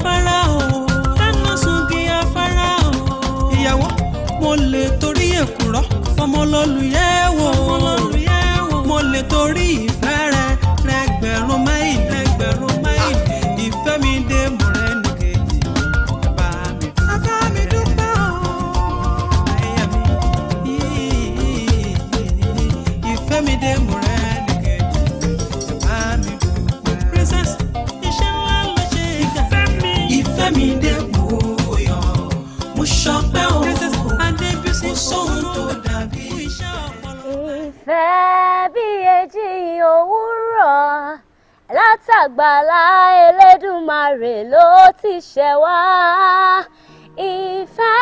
afárá o dáná sungi afárá o. ìyàwó mo lè torí èkùrọ́ fọmọlọ́lù yẹ̀ wò mo lè torí ìfẹ́. ṣàgbàlá Elédùmarè ló ti ṣẹ̀ wá ìfẹ́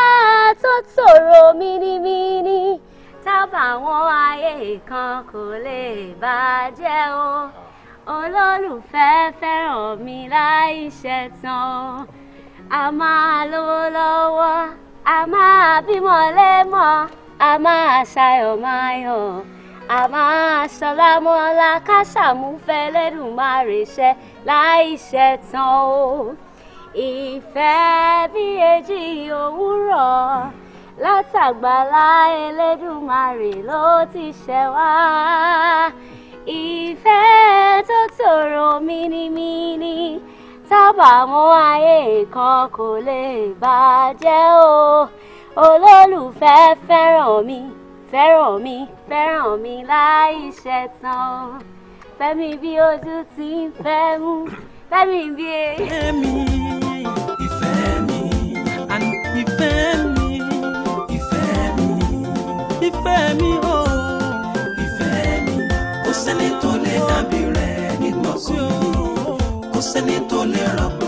tó tòrò mínímíní tábà wọn ayé kan kò lè bàjẹ́ o olólùfẹ́ fẹ́ràn mi láì ṣẹ̀tàn a máa lówó lọ́wọ́ a máa bímọ lẹ́mọ́ a máa ṣayọ̀ máyọ̀ àmọ́ sọlámọ́ alákàṣàmúfẹ́ lẹ́dùnmáre ṣẹ́ láìṣẹ́ tán o ìfẹ́ bí èjì òwúrọ̀ látàgbàlá Elédùmarè ló ti ṣẹ wá ìfẹ́ tó tòrò mínímíní tábàámọ̀ ayé kan kò lè bàjẹ́ o olólùfẹ́ fẹ́ràn mi fẹ́ràn mi fẹ́ràn mi láì ṣe tán fẹ́mi bí ojú ti ń fẹ́ mú fẹ́mi bí èyí e. mi. ìfẹ́ mi ìfẹ́ mi ìfẹ́ mi ìfẹ́ mi o. ìfẹ́ mi kò sẹ́ni tó lè dàbí rẹ̀ nígbà kan kò sẹ́ni tó lè rọ́pò.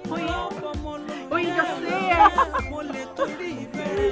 mo lè torí ìbẹ̀rẹ̀.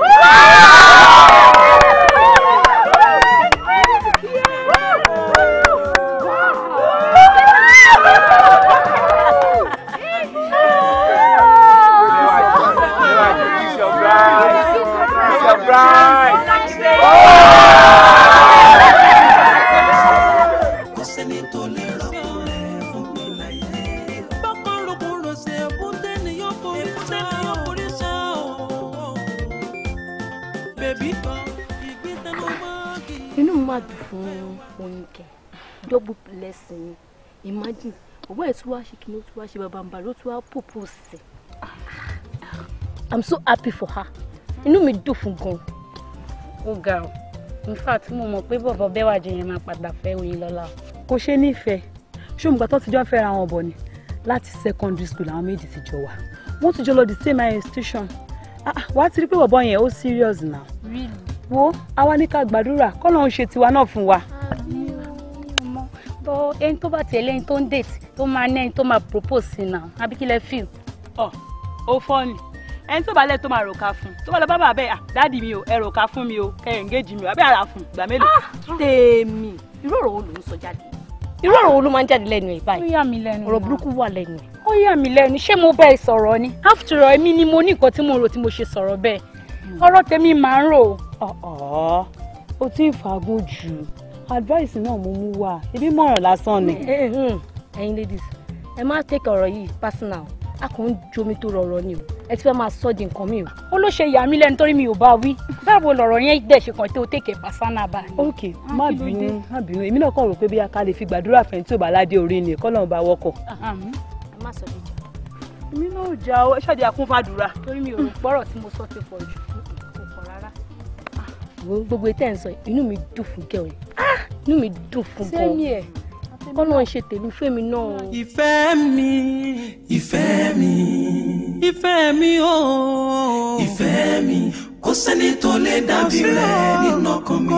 Oyinkẹ double blessing imagine ọwọ́ ẹ̀ tí wàá ṣe kí ni ó tí wàá ṣe bàbá ń ló tí wàá propose i'm so happy for her inú mi dùn fún gan. ó ga ọ in fact mo mọ̀ pé bọ̀bọ̀ bẹ́wà jẹ́ yẹn máa padà fẹ́ oyin lọ́la. kò ṣe nífẹ̀ẹ́ ṣóun gbà tó ti jọ fẹ́ra wọn bọ̀ ni láti secondary school àwọn méjì ti jọ wà wọ́n ti jọ lọ the same institution ah, ah, wàá ti rí pé bọ̀bọ̀ yẹn ó serious now. really wo àwa ní ká gbàdúrà kọ́lọ́ ń ṣe tiwa náà fún wa. bọ ẹni tó bá tiẹ̀ lẹ́yìn tó ń date tó máa ní ẹni tó máa propose sí náà àbí kí lẹ feel. ọ ò fọ́ ni ẹni tó bá lẹ́ tó máa ròka fún tó bá lọ bábà bẹ́ẹ̀ ah, dáàdì mi ò ẹ ròka fún mi o ẹ engage mi o àbí àrà fún ìgbà mélòó. Ah, tèmi irú ọ̀rọ̀ wo ló ń sọ jáde irú ọ̀rọ̀ wo ló máa ń jáde lẹ́nu ẹ̀ báyìí. ó yà mí lẹ́nu ọ̀rọ̀ burúkú wà lẹ́nu ẹ̀. ó yà mí lẹ́nu ṣé mo bá sọ̀rọ̀ ni. after all èmi ni mo ní nǹkan tí mo rò tí mo ṣe sọ̀rọ̀ bẹ́ẹ̀ ọ̀rọ̀ tèmi máa ń rò ọ̀ọ́ o ti ń fagún jù advice náà mo mú wá ibi mọ̀ràn lásán ni. Eh, eh, hmm. ẹ̀yin ladies ẹ má take ọ̀rọ̀ yìí personal a kò ń jomi tó rọrọ ni o ẹ ti fẹ́ máa sọ di nǹkan mi o. ó ló ṣe ìyá mi lẹ́nu torí mi ò bá wí báwo lọ̀rọ̀ yẹn dẹ̀ ṣe kàn tó tèkè pàṣánà bá mi. ok ah, má bínú má bínú èmi náà kàn rò pé bí aká lè fi gbàdúrà fẹ́ni tí ò bá ládé orí ni kọ́ lọ́n bá wọkọ̀. ẹ má sọ mi jà. èmi náà ò jà o ẹ ṣàdí akúnfàdúrà. torí mi ò rò pọ́rọ̀ tí mo sọ ti pọ̀ jù gbogbo etí ẹ̀ ń sọ inú mi dùn fún gẹ̀ ọ́ ah! inú mi dùn fún gan. kọ́nà ṣe tèmi fẹ́mi náà. ìfẹ́ mi ìfẹ́ mi ìfẹ́ mi o. ìfẹ́ mi kò sẹ́ni tó lè dàbí rẹ̀ nínú ọkàn mi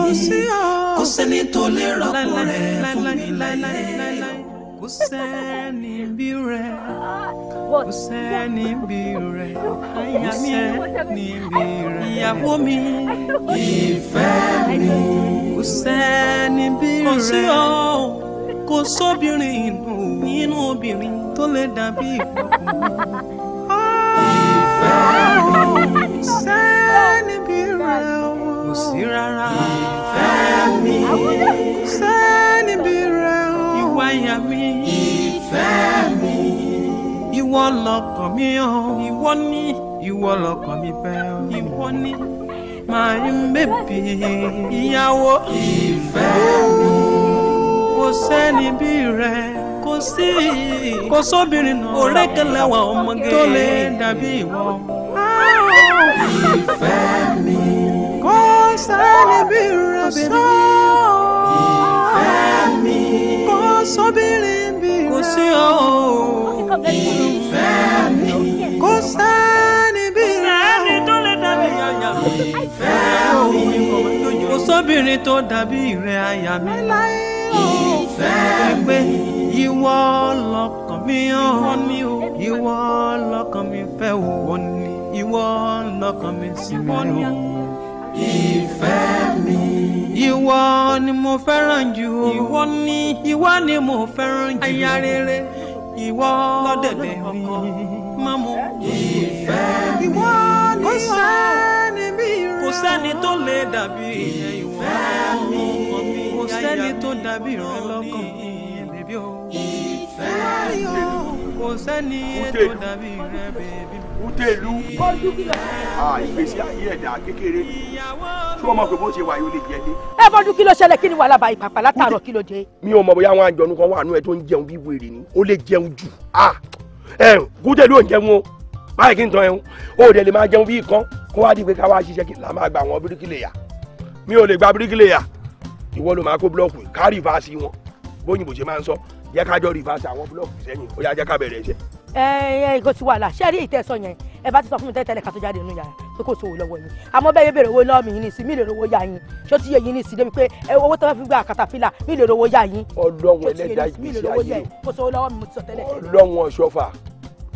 kò sẹ́ni tó lè rọ́pò rẹ̀ fún mi láyé kò sẹ́ni bí rẹ̀ kò sẹ́ni bí rẹ̀ àyà mi níbi rẹ̀ ìyàwó mi ìfẹ́ mi kò sẹ́ni bí rẹ̀ kò sí ọ kò sóbìnrin inú nínú obìnrin tó lè dàbí ìkọkùnrin ìfẹ́ mi kò sẹ́ni bí rẹ̀ kò sí rárá ìfẹ́ mi kò sẹ́ni bí rẹ̀ àyà mi. ìfẹ́ mi. ìwọ lọkàn mi o. ìwọ ni. ìwọ lọkàn mi fẹ́ o. ìwọ ni. my baby. ìyàwó. ìfẹ́ mi. kò sẹ́ni bí rẹ̀ kò sí. kò sóbìnrin náà. ọ̀rẹ́ kẹlẹ́ wa ọmọge. tó lè dàbí ìwọ. ìfẹ́ mi. kò sẹ́ni bí rẹ̀ sọ́ọ́. ìfẹ́ mi sóbìnrin bí rẹ̀ kò sí o. ìfẹ́ mi kò sẹ́ni bí rẹ̀ sẹ́ni tó lè dàbí àyà ìfẹ́ mi kò sóbìnrin tó dàbí rẹ̀ àyà mi. ìfẹ́ mi ìwọ lọ́kàn mi hàn mí o. ìwọ lọ́kàn mi fẹ́ wò ni. ìwọ lọ́kàn mi sì mí o. ìfẹ́ mi ìwọ ni mo fẹ́ràn jù o ìwọ ni ìwọ ni mo fẹ́ràn jù o aya rere ìwọ lọ́dẹ̀dẹ̀ ọkọ má mú ìfẹ́ mi ìwọ ni kò sẹ́ni bí rẹ kò sẹ́ni tó lè dàbí ìfẹ́ mi kò sẹ́ni tó dàbí ìrànlọ́kàn bèbí o ìfẹ́ mi kò sẹ́ni tó dàbí rẹ bèbí. Utelu. Ah, ìgbésí ayé ẹ̀dá kékeré. Ìyàwó tí wọ́n mọ̀ pé bó ṣe wà yóò lè jẹ dé. ẹ bọ́dún kí ló ṣẹlẹ̀ kí ni wàhálà bá ìpàpà látàárọ̀ kí ló dé. mi ò mọ̀ bóyá àwọn àjọ̀nù kan wà nú ẹ tó ń jẹun bí wèrè ni ó lè jẹun jù ah ẹ gúdẹ ló ń jẹun o báyìí kí n tán ẹun ó dẹ̀ lè máa jẹun bí ìkan kó wá di pé ká wá ṣiṣẹ́ kí n là máa gba àwọn bíríkìlẹ̀yà mi ò lè gba bíríkìlẹ̀yà ìwọ ló máa kó búlọ́ọ̀kù ká rìfáàsì wọn bóyìnbó ṣe máa ń sọ jẹ́ ká jọ rìfáàsì àwọn búlọ́ọ̀kù sẹ́yìn ó yá jẹ́ ká bẹ̀rẹ̀ iṣẹ́ ẹ ẹ kò sí wàhálà ṣé ẹ rí ìtẹ̀sọ yẹn ẹ bá ti sọ fún mi tẹ́tẹ́lẹ̀ ká tó jáde nínú yàrá pé kò sówó lọ́wọ́ yín àmọ́ bẹ́ẹ̀ yóò béèrè owó lọ́wọ́ mi yín nísì mí lè rówó yá yín ṣé ó ti yẹ yín nísì débi pé owó tó fẹ́ fi gba katapila mí lè rówó yá yín ọlọ́wọ́ ẹlẹ́dàá ìgbésí ayé ọlọ́wọ́ ṣọ́fà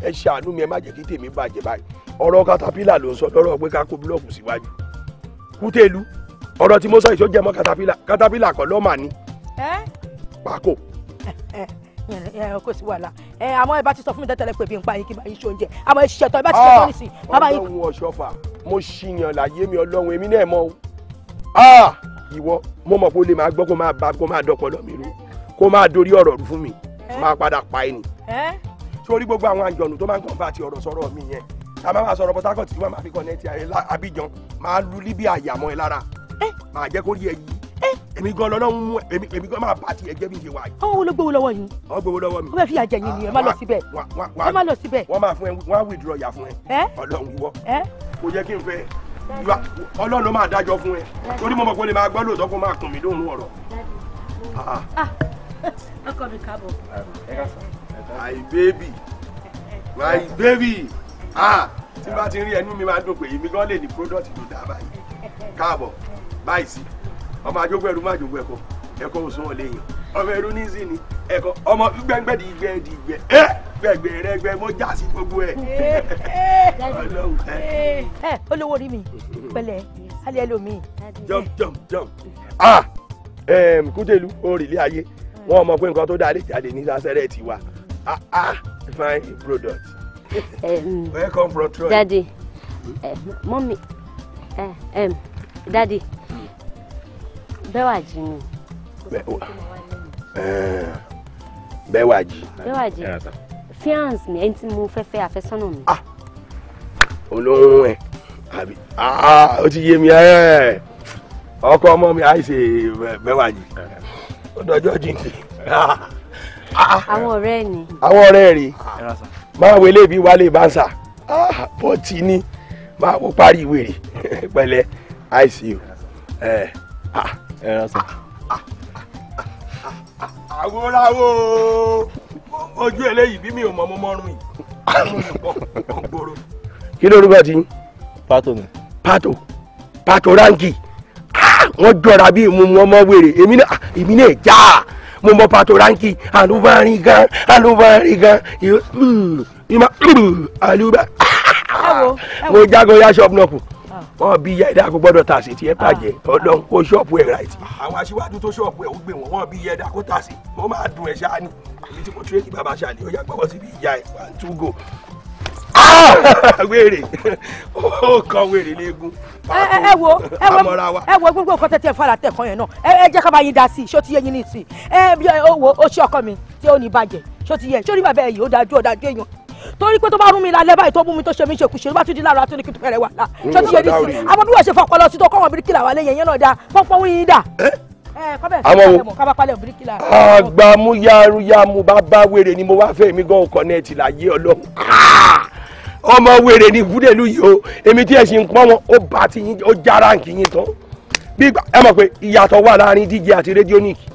ẹ ṣàánú mi ẹ má jẹ́ kí tèmi bàjẹ́ báyìí ọ̀rọ̀ katapila ló ń sọ lọ́rọ̀ pé ká kó búlọ́ọ̀kù síwájú kútẹ́lu ọ̀rọ̀ tí mo sọ ìṣó jẹmọ́ katapila katapila kọ́ lọ́ọ́ mà ní. pákó ẹ kò sí wàhálà ẹ àmọ́ ẹ bá ti sọ fún mi tẹ́tẹ́lẹ̀ pé bí n pa yín kí n ṣe oúnjẹ àmọ́ ẹ ṣiṣẹ́ tán ẹ bá ti ṣiṣẹ́ tán nísìnyí bàbá yín. ọlọ́run ọ̀ṣọ́fà mo ṣìyàn láyé mi ọlọ́run èmi náà mọ́ o ìwọ mo mọ̀ pé o lè máa gbọ́ kó máa bá kó máa dọ́pọ̀ lọ mi rú kó máa dorí ọ̀rọ̀ rú fún mi máa padà pa ẹni. sórí gbogbo àwọn àjọ̀nù tó máa ń kàn bá ti ọ̀rọ̀ sọ̀rọ̀ mi yẹn ta máa sọ̀rọ̀ Port Harcourt tí wọ́n máa fi kọ́nẹ́tì Abidjan máa lu Libya èmi gan lọ́nà ń mú èmi èmi gan máa bá tiẹ̀ jẹ́ bí n ṣe wà yìí. àwọn olóògbé wo lọ́wọ́ yín. àwọn gbowó lọ́wọ́ mi. wọ́n fẹ́ fi àjẹ yín ni ẹ má lọ síbẹ̀. ẹ má lọ síbẹ̀. wọ́n máa fún ẹ wọ́n á withdraw yà fún ẹ. ọlọ́run wọ kò yẹ kí n fẹ́ ọlọ́run ló máa dájọ́ fún ẹ torí mo mọ̀ pé o lè máa gbọ́ lóòótọ́ kó máa kùn mí lóhùn ọ̀rọ̀. Ah, ah. Ah. ọkọ mi káàbọ̀. my baby my baby ah tí bá ti rí ẹnu mi máa dùn pé èmi gan lè ní product tó dáa báyìí káàbọ̀ báyìí sí ọmọ àjogún ẹrú má àjogún ẹ̀kọ́ ẹ̀kọ́ ò sún ọ léyìn ọmọ ẹrú ní sí ni ẹ̀kọ́ ọmọ gbẹngbẹ di gbẹ di gbẹ ẹ gbẹgbẹ rẹ gbẹ mo já sí gbogbo ẹ. ẹ olówó rí mi pẹ̀lẹ́ alẹ lomi. jump jump jump ah kújèlú orílẹ̀ ayé wọn mọ̀ pé nǹkan tó dáa lè jáde ní sasẹ́rẹ́ ti wa ah fine product. welcome from Troy. daddy mọ́mí daddy. Bẹ́wàjì ni. Bẹ́wàjì. Bẹ́wàjì fiance mi ẹni tí mo fẹ́ fẹ́ àfẹ́sọ́nà mi. Ah! olóhùn ẹ àbí ah, ó ti yé mi ẹ ọkọ ọmọ mi àìsè Bẹ́wàjì ó dọjọ́ jíǹkì. Ah, àwọn ọ̀rẹ́ ni. àwọn ọ̀rẹ́ rè máa wọlé bí wálé bánsà ó ti ní máa wọ parí ìwé rè pẹ̀lẹ́ àìsè o ẹ ra sà. àwòránwó ojú eléyìí bí mi ò mọ mo mọrùn yìí kí ló rúbẹ̀ tí. pàtó ni. pàtó pàtó ránkì ah! wọ́n jọra bí mo mọ ọmọ wèrè èmi náà ah, èmi náà já mo mọ pàtó ránkì àlùbárin gan àlùbárin gan ìmọ̀ hmm, hmm, àlùbárin mo jágo yá ṣọ́ọ̀bù náà kù. Ah. wọn bí yẹ ẹdá kó gbọ́dọ̀ tà sí tiẹ bàjẹ́ ah. Ọlọ́run kó ṣọ́ọ̀bù ẹ ra ẹtì. àwọn aṣíwájú tó ṣọ́ọ̀bù ẹ ó gbé wọn wọn bí yẹ ẹdá kó tà wọn máa dùn ẹ ṣáá èmi tí mo tún èkì bàbá ṣáà ó yà gbọ́wọ́ síbi ìyá ẹ wà á tún gò. Ah! wèrè ó kọ wèrè léegun. ẹ wo ẹ wo ẹ wo gbogbo nǹkan tẹ́tí ẹ fara tẹ̀ yẹn náà ẹ jẹ́ ká bá yín dá sí i ṣó ti yé yín ní ìsìn ẹ wo ó ṣí ọkọ mi tí ó ní bàjẹ́ ṣó ti yẹ ṣó ní bàbá ẹ yìí ó dájú ọ̀dájú èèyàn torí pé tó bá rún mi lálẹ́ báyìí tó bú mi tó ṣe mí ṣe kùṣe bá tún di lára tó ní kí n pẹ̀rẹ̀ wà lá ṣé ti ṣe ní sí àwọn bí wọ́n ṣe fọpọ́ lọ sí tó kọ́wọ́n bíríkìlà wà lẹ́yìn yẹn náà dáa pọ́npọ́n wíyín dà. àwọn wo àgbàmúyaruyamu bàbá wèrè ni mo wá fẹ́ mi gan ọkọ̀ nẹ́ẹ̀tì láyé ọlọ́run ah! ọmọ wèrè ni gúdẹ̀lú yìí o èmi tí ẹ̀ sì ti yín ó jára nkì yín tán ẹ mọ̀ pé ìyàtọ̀ wà láàrin díje àti rédíónìkì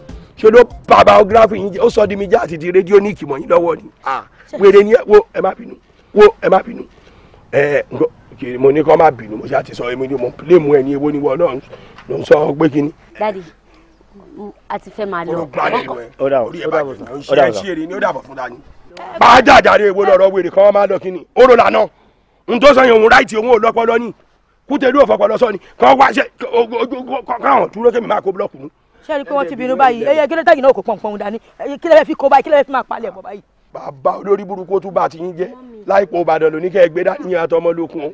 ṣe ló bàbá ọgíráfì ó sọ di mi já àti di rédíónìkì mọ̀ yín lọ́wọ́ ni. Ah! wèrè ni wo ẹ má bínú wo ẹ má bínú ẹ kiri mo ní kọ́ má bínú mo ṣe àti sọ èmi ni mo lè mú ẹ ní ewo níwọ náà ló ń sọ pé kí ni. dadi a ti fẹ́ máa lọ. ọ̀dà ọ̀dà ọ̀dà ọ̀dà bá a jàjàre èwo lọ̀rọ̀ wèrè kan máa lọ kí ni ó lọ lànà n tó sọ yẹn òun ráìtì òun ò lọ́pọlọ ní kútẹ́lú òfọpọlọ sọ ni kàn wá ṣe kàn dúró kémi máa kó búlọ̀kù nù. ṣé ẹ rí i pé wọ́n ti bínú báyìí ẹ yẹ kí ló tẹ́gì náà kò pọ̀npọ̀n dání kí lẹ́ẹ̀ fi kó báyìí kí lẹ́ẹ̀ fi máa palẹ̀ mọ́ báyìí bàbá olórí burúkú tún bá ti yín jẹ́ láìpọ̀ ìbàdàn lóní kẹ́ ẹ gbé dání yín àtọmọ lókun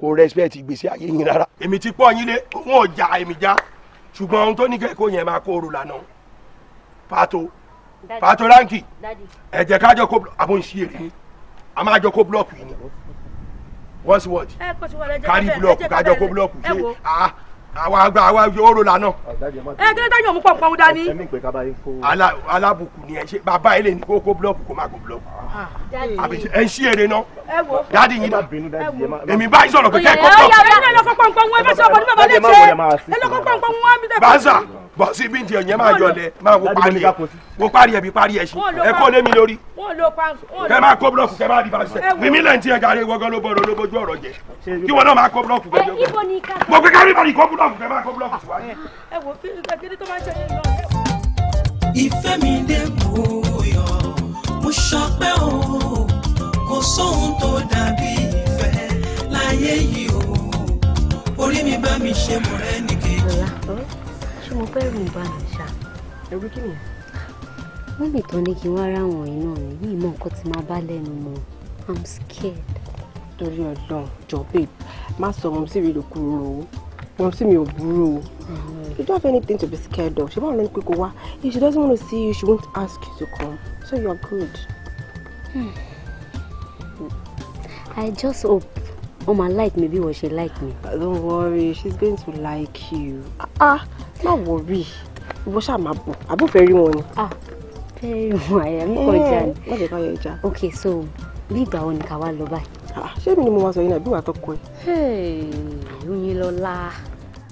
kò respect ìgbésí ayé yín rárá. èmi ti pọ̀ yín lé òun ò já èmi já ṣùgbọ́n ohun tó ní kẹ́kọ̀ọ́ yẹn máa kóró lànà pàtó pàtó ránkì ẹ kájọ kó àbọ̀ ń ṣiyèrè ni a máa jọ kó búlọ̀kù yìí ni once word kárí búlọ̀kù kájọ kó búlọ̀kù ṣe ah àwa àgbà àwa oró la náà. ẹ kí ló dá yàn mú pọ̀ pọ́n dání. alábùkù ni ẹ ṣe bàbá ẹ lè ní kó kó búlọ́ọ̀kù kó má kó búlọ́ọ̀kù. àbí ẹ ń ṣí èrè náà. dáàdi yín náà èmi bá sọ̀rọ̀ pé kẹ́ ẹ kọ́ pọ̀. ẹ lọ́kọ̀ pọ̀npọ̀n wọn ẹ bá sọ̀rọ̀ pẹ̀lú bàbá lè ṣe é ẹ lọ́kọ̀ pọ̀npọ̀n wọn. bàzà bọ sí bí n tiẹ̀ yẹn máa yọlẹ̀ máa wo parí ẹ̀ wo parí ẹ̀ bí parí ẹ̀ sí ẹ kó lé mi lórí kẹ máa kó búlọ̀kù kẹ máa di bàtí mímí lẹ́yìn tí ẹ jàre wọgán ló bọ̀rọ̀ ló bójú ọ̀rọ̀ jẹ kí wọn náà máa kó búlọ̀kù kẹ jọ mo gbé kárí bàtí kó búlọ̀kù kẹ máa kó búlọ̀kù sí wájú. ìfẹ́ mi dé bóyọ mo ṣọpẹ́ o kò sóhun tó dàbí ìfẹ́ láyé yìí o orí mi bá mi ṣe mọ̀rẹ́ ní ṣé mo fẹ́ rìn bá mi ṣá ẹrú kí nìyẹn. wọ́n lè tán ní kí wọ́n ara wọn yìí náà yìí mọ nǹkan tí máa bá lẹ́nu mọ́ i'm scared. torí ọdún jọ babe má sọ ọmọ sí mi ló kúrò o ọmọ sí mi ò burú o mm-hmm. you don't have anything to be scared of ṣé báwo ló ń pè kó wá if she doesn't want to see you she won't ask you to come so you're good. Hmm. I just hope Oma like me bí wọ́n ṣe like me. Don't worry, she's going to like you. Ah, uh -uh má wọrí ìwọ ṣáà máa bọ̀ àbò fẹ́ rí wọn ni. ah fẹ́ rí wọn àyà mi kọjá ni. Eh, má jẹ́ ká yọ ìjà. ok so bí ìgbà wo ni ká wá lọ báyìí. Ah, ṣé mi ni mo máa sọ yín náà bí wàá tọkọ ẹ. oyin lọ́la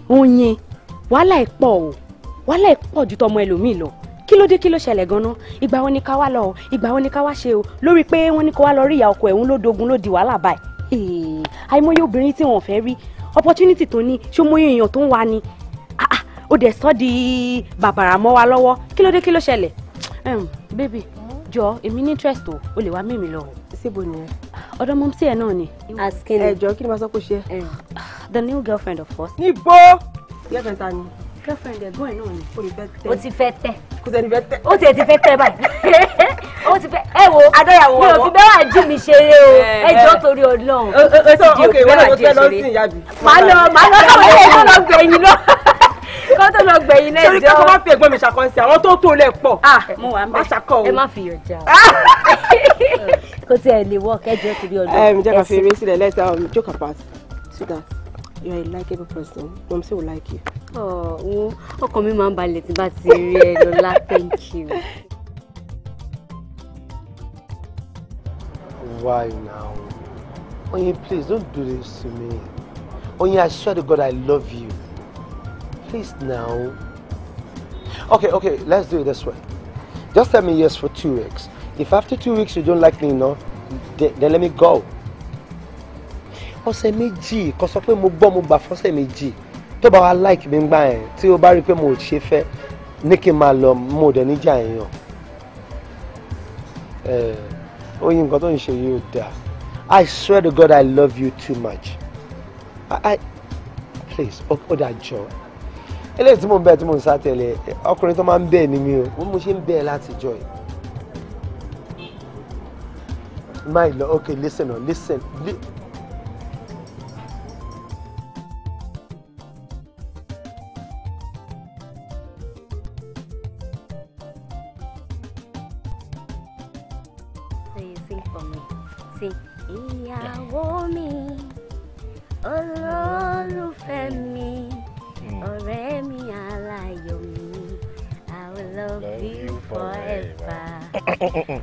oyin wàhálà ẹ̀ pọ̀ o wàhálà ẹ̀ pọ̀ ju tọmọ ẹlòmíì lọ kí ló dé kí ló ṣẹlẹ̀ gan-an ìgbà wo ni ká wá lọ o ìgbà wo ni ká wá ṣe o lórí pé wọ́n ní kó wá lọ rí ìyá ọkọ ẹ̀hún ló dogun ló di wàhálà báyìí àìmọye obìnrin tí wọn fẹ́ rí opportunity tó ní ṣó mọye èèyàn tó ń wá ni ó dẹ̀ sọ́ di bàbàrà mọ́ wa lọ́wọ́ kí ló dé kí ló ṣẹlẹ̀ bébì jọ èmi ní interest o o lè wá mímì lọ. síbo nìyẹn. ọ̀dọ̀ mọ sí ẹ náà ni. askin ẹ jọ kí ni mo sọ kó ṣe. the new girlfriend of course. níbo girlfriend ta ni. girlfriend ẹ̀gbọ́n ẹ̀ náà ni. o ti fẹ́ tẹ́. o ti fẹ́ tẹ́. kò sẹ́ni fẹ́ tẹ́. o ti ẹ̀ ti fẹ́ tẹ́ báyìí. o ti fẹ́ ẹ wo adọ́yàwó wọn. mi ò fi bẹ́ẹ̀ wá jí mi ṣeré o ẹ jọ torí Ọlọ́run. o ti di òkú bẹ́ẹ̀ wá jí ẹ ṣeré. màá lọ màá lọ káwọn ilé ẹjọ́ lọ gbẹ̀yìn lọ kó tó lọ gbẹ̀yìn lẹ́jọ́. sori kankan wá fi ẹ̀gbọ́n mi ṣàkóso àwọn tó tó lẹ̀ pọ̀. Ah, mo wà ń bẹ ẹ má fi yọ̀ kó tí ẹ lè wọ kẹjọ torí ọdún. ẹ mi jẹ́ ká fi eré sílẹ̀ let's um, joke apart so that you are a likeable person mom say we like you. ọ̀hún ọkàn mi máa ń balẹ̀ tí bá ti rí ẹ lọ́la thank you. why now? Oyin, please don't do this to me. Oyin, I swear to God I love you. Please now. Okay, okay, let's do it this way. Just tell me yes for two weeks. If after two weeks you don't like me enough, then, then let me go. Ọ̀sẹ̀ méjì kò sọ pé mo gbọ́ mo gbà fọ́sẹ̀ méjì tó bá wa like mi gbà yẹn tí o bá rí i pé mo ò ṣe fẹ́ ní kí n máa lọ mo dẹ̀ níjà èèyàn. Eh, oyin nǹkan tó ń ṣe yìí ò dáa. I swear to God I love you too much. I, I, please, ó dáa jọ eléyìí tí mò ń bẹ tí mò ń sá tẹ̀lé ọkùnrin tó máa ń bẹ̀ ni mi o mo ṣe ń bẹ̀ látijọ́ yìí. my lord okay listen on listen. Li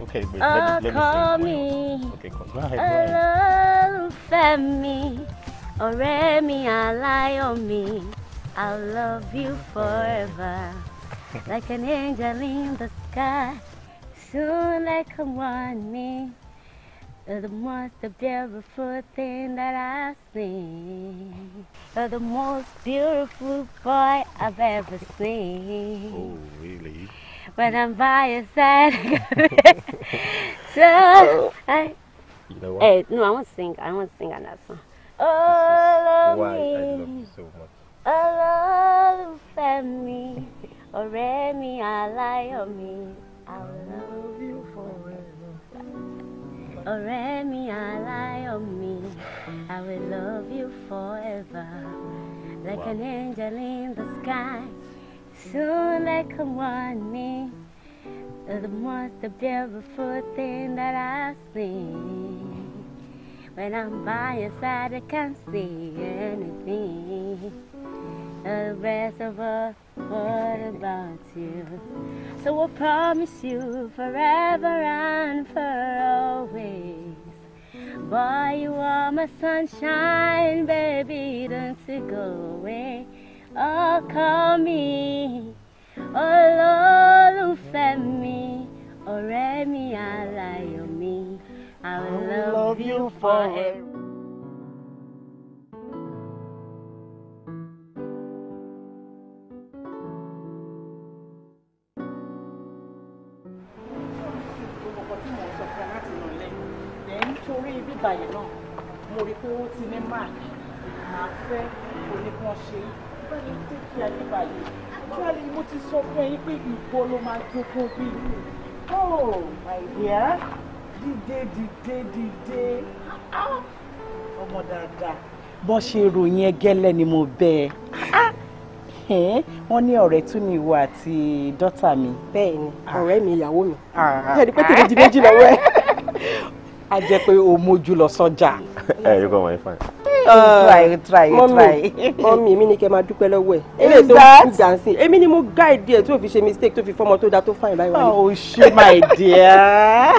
Okay, but let, me, let call me. me. Okay, go ahead. Go Femi, Oremi, me. I'll love you forever, like an angel in the sky. Soon like come on me, you're the most beautiful thing that I've seen. You're the most beautiful boy I've ever seen. Oh, really? When I'm by your side, so oh. I. You know what? Hey, no, I want to sing. I want to sing on that song. Oh, love Why me. I love you so much. Oh, love family. Oh, me, I lie on me. I will love you forever. Oh, me, I lie on me. I will love you forever. Like wow. an angel in the sky. Soon like come on me the most beautiful thing that I see. When I'm by your side, I can't see anything. The rest of us, what about you? So I promise you forever and for always. Boy, you are my sunshine, baby, don't you go away. ọkàn mi olólùfẹ́ mi I will love you forever. báyìí náà mo rí pé ó ti ní máàkì máa fẹ́ oníkan ṣe é fẹ́mi tẹ́kì ayé báyìí actually mo ti sọ fún ẹyin pé ìbò ló máa jogún bí oh my dear dìde dìde dìde ọmọ dáadáa bọ́n ṣe oh, ẹ gẹ́lẹ́ ni mo bẹ́ ah! ẹ wọ́n ní ọ̀rẹ́ tún ní ìwọ àti dọ́tà mi. bẹ́ẹ̀ ni ah. ọ̀rẹ́ mi ìyàwó mi ẹni ah. pé tèmi di méjì lọ́wọ́ ẹ. a jẹ́ pé o mójú lọ sọ́jà. ẹ ẹ yóò kọ́ wọ́n yín fún ẹ try uh, try try. mọ́mí mi ni kẹ́ máa dúpẹ́ lọ́wọ́ ẹ̀. eléyìí tó ń gbà sí èmi ni mo guide ẹ̀ tó fi ṣe mistake tó fi fọmọ tó dá tó fine báyìí wáyé. oh ṣe my dear.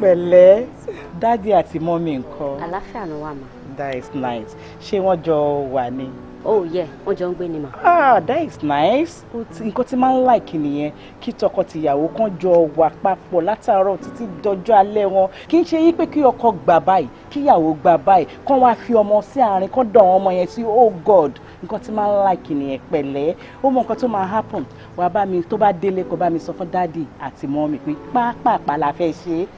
pẹ̀lẹ́ dádì àti mọ́mí ńkọ́. àlàáfíà ló wà mà. that is nice ṣé wọ́n jọ wà ní oh yeah wọ́n jọ ń gbé ni mà. ah that is nice nǹkan tí máa ń like nìyẹn kí tọkọtìyàwó kan jọ wà papọ̀ látàárọ̀ títí dọjọ́ alẹ́ wọn kì í ṣe yí pé kí ọkọ gbà báyìí kíyàwó gbà báyìí kán wá fi ọmọ sí àárín kán dàn ọmọ yẹn sí oh god nǹkan tí máa ń like nìyẹn pẹ̀lẹ́ ó mọ nǹkan tó máa happen wà bá mi tó bá délé kó bá mi sọ fún dáàdì àti mọ́mì pé pápápá la fẹ́ ṣe é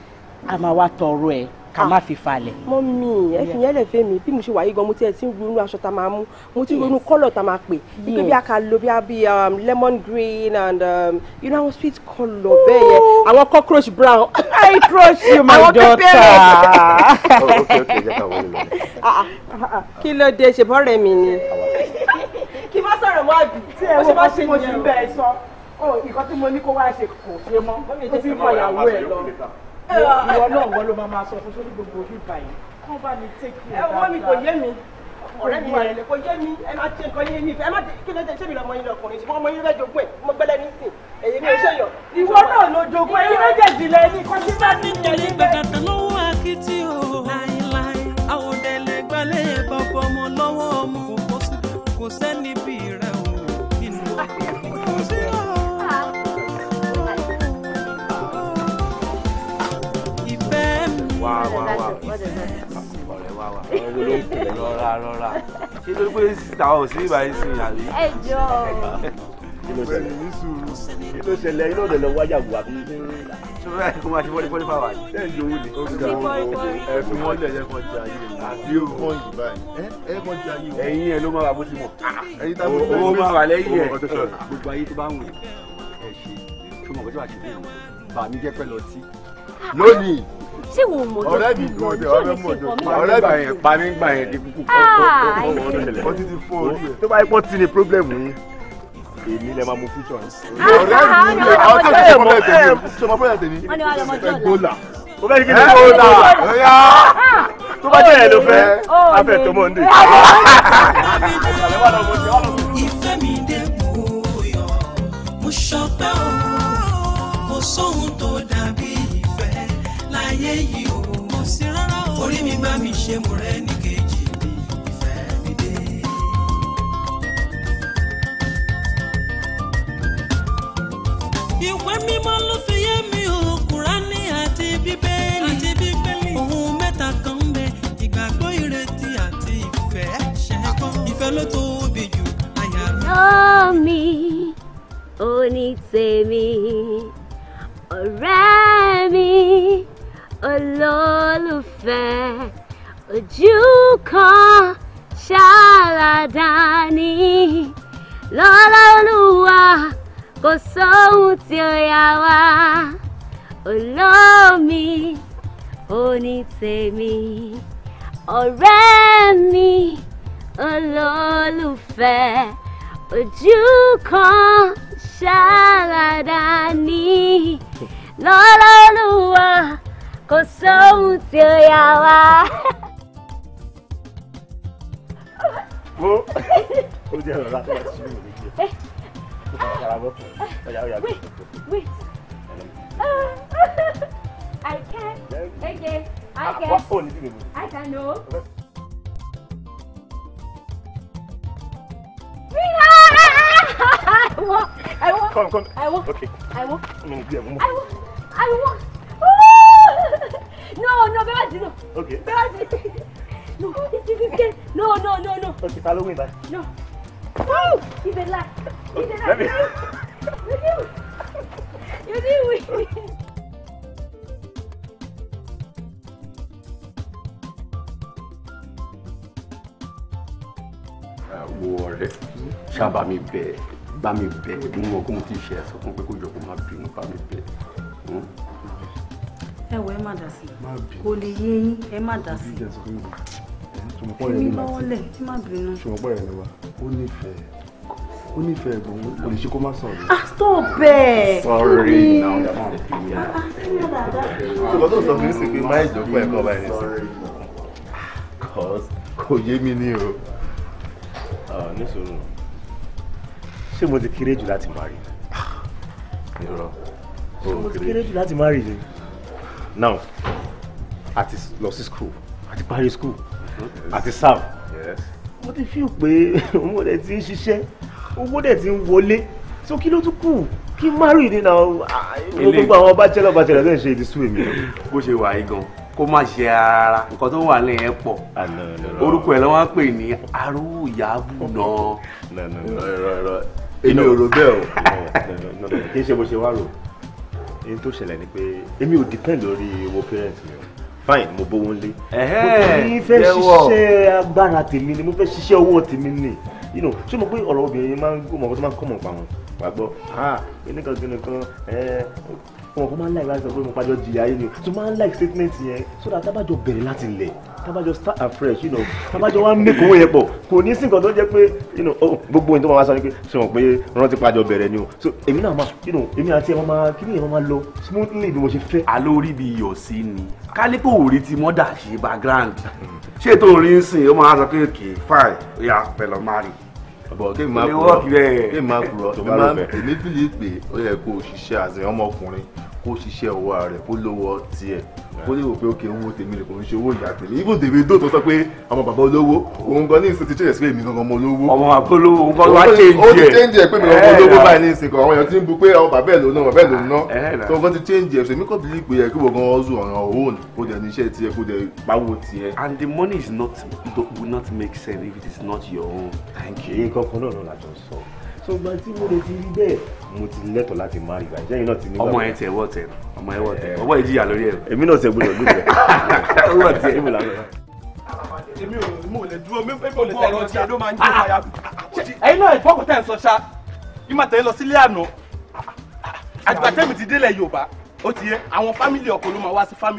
a máa wá tọrọ ẹ̀ ká má ah. fi falẹ̀. mọ mi ẹ fi yẹn lè fẹ mi bí mo ṣe wà yìí gan mo ti ẹ ti ronú aṣọ tá a mú mo ti ronú kọ́lọ̀ tá a máa pè ike bí a kà lo bí a bí um, lemon green and um, you know àwọn sweet colour bẹ́ẹ̀ yẹn àwọn cockroach brown I trust you my daughter. Oh, ah, ah, kí ló dé ṣe bọ́ọ̀rẹ́ mi ni kí má sọ̀rọ̀ mọ́ àbí tí ẹ wọ́n bá ṣe mo ṣe bẹ́ẹ̀ sọ oh, nǹkan tí mo ní kó wá ṣe kò ṣe mọ́ ó ti mọ ìyàwó ẹ̀ lọ ìwọ náà wọ́n ló máa máa sọ fún sórí gbogbo orí ìgbà yìí kán bá mi take care dáadáa. ẹ wọ́n kò yé mi ọ̀rẹ́ mi wà kò yé mi ẹ máa ṣe nǹkan yé mi ẹ má kí ló dé sẹ́mi lọ́mọ yín lọkùnrin ṣùgbọ́n ọmọ yín ló jogún ẹ̀ mo gbẹ́lẹ́ ní sìn èyí ni iṣẹ́ yọ. ìwọ náà ló jogún ẹ̀yin ló jẹ̀dì lẹ́yìn kò sí bá mi ní ẹ̀yìn kò sẹ́ni bí rẹ̀ o nínú kò sí ọ̀ wá wá wá ọ̀rẹ́ wá wá ọ̀rẹ́ ló ń pè rọra rọra ṣé ló pé sísá ò sí ìbá yín sìn àbí. ẹ jọ pẹ̀lú ní sùúrù kí ló ṣẹlẹ̀ iná ọ̀dẹ̀ lọ wáyà wà bí. ṣọlá ẹ̀ kó máa ṣe bọ́lí bọ́lí fáwọn àyè. ṣé ìjọ owó ni. ó ga ẹ fi wọn lẹ yẹn kan jẹ ayé rẹ àbí o kàn yìí ẹ kàn jẹ ayé rẹ. ẹ̀yin ẹ ló máa wà bó ti mọ. Ah, ẹ̀yin tá a bọ owó máa wà lẹ́yìn ẹ. gbogbo ayé tó bá ń wù ẹ ṣe ṣọmọ kọjá àti bí bàmí jẹ pẹ̀lú ọtí lónìí ṣé wo mọ ọdọ ọ̀rẹ́ mi gbọ ọdẹ ọ̀rẹ́ mi ọdọ ọ̀rẹ́ mi yẹn pa mí gbà yẹn di kúkú ó ti ti fọ orí ẹ tó bá yẹ kó ti ní problem yín èmi lè máa mú fíṣọ yìí. ọ̀rẹ́ mi ni àwọn tó ṣe mọ bẹ́ẹ̀ tèmi ṣe mọ bẹ́ẹ̀ tèmi ẹgbólà ó fẹ́ kí ni ẹgbólà ọ̀yá tó bá jẹ́ yẹn ló fẹ́ afẹ́ tó mọ̀ ń dè. ìfẹ́ mi dé mú yọ mo ṣọpẹ́ o. yìí o. kò sí rárá o. orí mi bá mi ṣe mo rẹ ní kejì mi ìfẹ́ mi dé. ìwé mímọ́ ló fi yé mi o Kùránì àti bíbélì. àti bíbélì. ohun mẹ́ta kan ń bẹ ìgbàgbọ́ ìrètí àti ìfẹ́ ṣẹ́kọ́. ìfẹ́ ló tóbi jù àyà mi. lọ́ọ̀mì onítèmi ọ̀rẹ́ mi olólùfẹ́ ojú kan ṣàlàdání lọ́lá olúwa kò sóhun tí ó yà wá olómi onítèmi ọ̀rẹ́ mi olólùfẹ́ ojú kan ṣàlàdání olúwa kò sóhun tí wait I can okay I can I can no. I won. Э. I won. Come, come. I won. Okay. I won. I mean, no no bẹ́ẹ̀ bá no. Okay. bẹ́ẹ̀ bá no. no fifty fifty no no no no. Okay, follow me, ló No. báyìí. no woo ibẹ̀ la ibẹ̀ la you dey you dey win. wo ọ̀rẹ́ ṣáàbà mi bẹ̀ bá mi bẹ̀ mo mọ̀ kó mo ti ṣe ẹ̀sọ́ fún pé kó jọ kó má bínú bá mi bẹ̀. Hmm? ẹ wọ ẹ má dà sí kò lè yé yín ẹ má dà sí èmi lọ́wọ́ lẹ̀ ẹ má bínú. ṣùgbọ́n ẹ̀rọ ni wa ó nífẹ̀ẹ́ ó nífẹ̀ẹ́ ẹ̀gbọ́n kò lè ṣe kó má sọ̀rọ̀. ah stop bẹ́ẹ̀. sorry now that one be me. ṣùgbọ́n tó sọ fún mi sí pé má ìjókòó ẹ̀kọ́ bá ẹni sí. cos kò yé mi ah, ní o. nísòro ṣé mo ti kéré jù láti má rí i. irọ́ o kéré jù láti má rí i now at ti lọ sí school at the parí school a ti serve mo ti fi pé owó dẹ̀ ti ń ṣiṣẹ́ owó dẹ̀ ti ń wọlé so kí ló tún kù kí márùn ìdí náà gbogbo àwọn bachelor bachelor lè ṣe ìdísú èmi. bó ṣe wà yìí gan kó má ṣe ara nǹkan tó wà lẹ́yìn ẹ̀ pọ̀ ah, orúkọ ẹ̀ lọ́wọ́ pè ní arúgbó ìyáàbù náà. èmi ò rò bẹ́ẹ̀ o kì í ṣe bó ṣe wá rò ní tó ṣẹlẹ̀ ni pé èmi ò depend lórí owó parents mi o fine mo bówó ń lé. mo fẹ́ ṣiṣẹ́ agbára tèmi ni mo fẹ́ ṣiṣẹ́ owó tèmi ni ṣé mo pé ọ̀rọ̀ obìnrin máa ń gbọ́ mọ̀ ọ́ tó máa ń kọ́ mọ̀ pa wọn wàá gbọ́ ah kíníkan kíníkan wọn kò máa ń like láti sọ pé mo pàjọ jìyà yìí ni so máa ń like statement yẹn so that tábàjọ bẹ̀rẹ̀ láti lẹ̀ tábàjọ start afresh you know tábàjọ wá ń mẹ́kọ̀ọ́ yẹn pọ̀ kò ní sí nǹkan tó jẹ́ pé you know oh, gbogbo nǹkan tó máa sọ ni pé ṣe wọ́n pé rántí pàjọ bẹ̀rẹ̀ ni o so èmi náà máa you know èmi àti ẹ̀ máa kí ni ẹ̀ máa lọ smoothly bí mo ṣe fẹ́. alórí bí iyọ̀ sí ni kálípò òrí ti mọ́dà ṣe background ṣé ètò orin ń sìn ó máa sọ pé okay fine ó yà pẹ̀lọ́ máa bọ̀ kí n máa kúrọ̀ kí n máa kúrọ̀ èmi bìlí pé ó yẹ kó o ṣiṣẹ́ àṣẹ ọmọkùnrin kó ṣiṣẹ́ ọwọ́ rẹ̀ kó lówó tiẹ̀ kó lè wò pé òkè òun tèmi lè kò ń ṣe owó ìyá tèmi ibò tèmi dò tó sọ pé ọmọ bàbá olówó òun gan ní ìsìn ti ṣèjẹsí pé èmi gangan ọmọ olówó. ọmọ bàbá olówó òun gan wá change ẹ. ó ti change ẹ pé mi gangan eh, olówó báyìí ní ìsìn kan àwọn èèyàn ti ń bu pé ọmọ bàbá ẹ ló ná bàbá ẹ ló ná tó eh, gan ti change ẹ sèmi kò bí pé ẹ kí wọ́n gan ọ̀zù ọ̀ràn òun kó dẹ̀ níṣẹ́ tiẹ̀ kó dẹ̀ báwo tiẹ̀. and the money is not will not make sense if it is not your own. thank you so gba tí mo lè ti rí bẹ́ẹ̀ mo ti lẹ́tọ̀ọ́ láti má rí ìgbàjẹ́ yìí náà ti ní. ọmọ yẹn tẹ ẹwọ tẹ ọmọ ẹwọ tẹ eh. ọwọ ìjìyà lórí ẹ. èmi náà tẹ gbọ́dọ̀ lù ọwọ tẹ èmi là èmi ò mò lè dúró mi ò lè tẹ ọ̀rọ̀ tí ló máa ń jẹ fàyà. ẹ̀yin náà ìfọkùn tẹ ẹ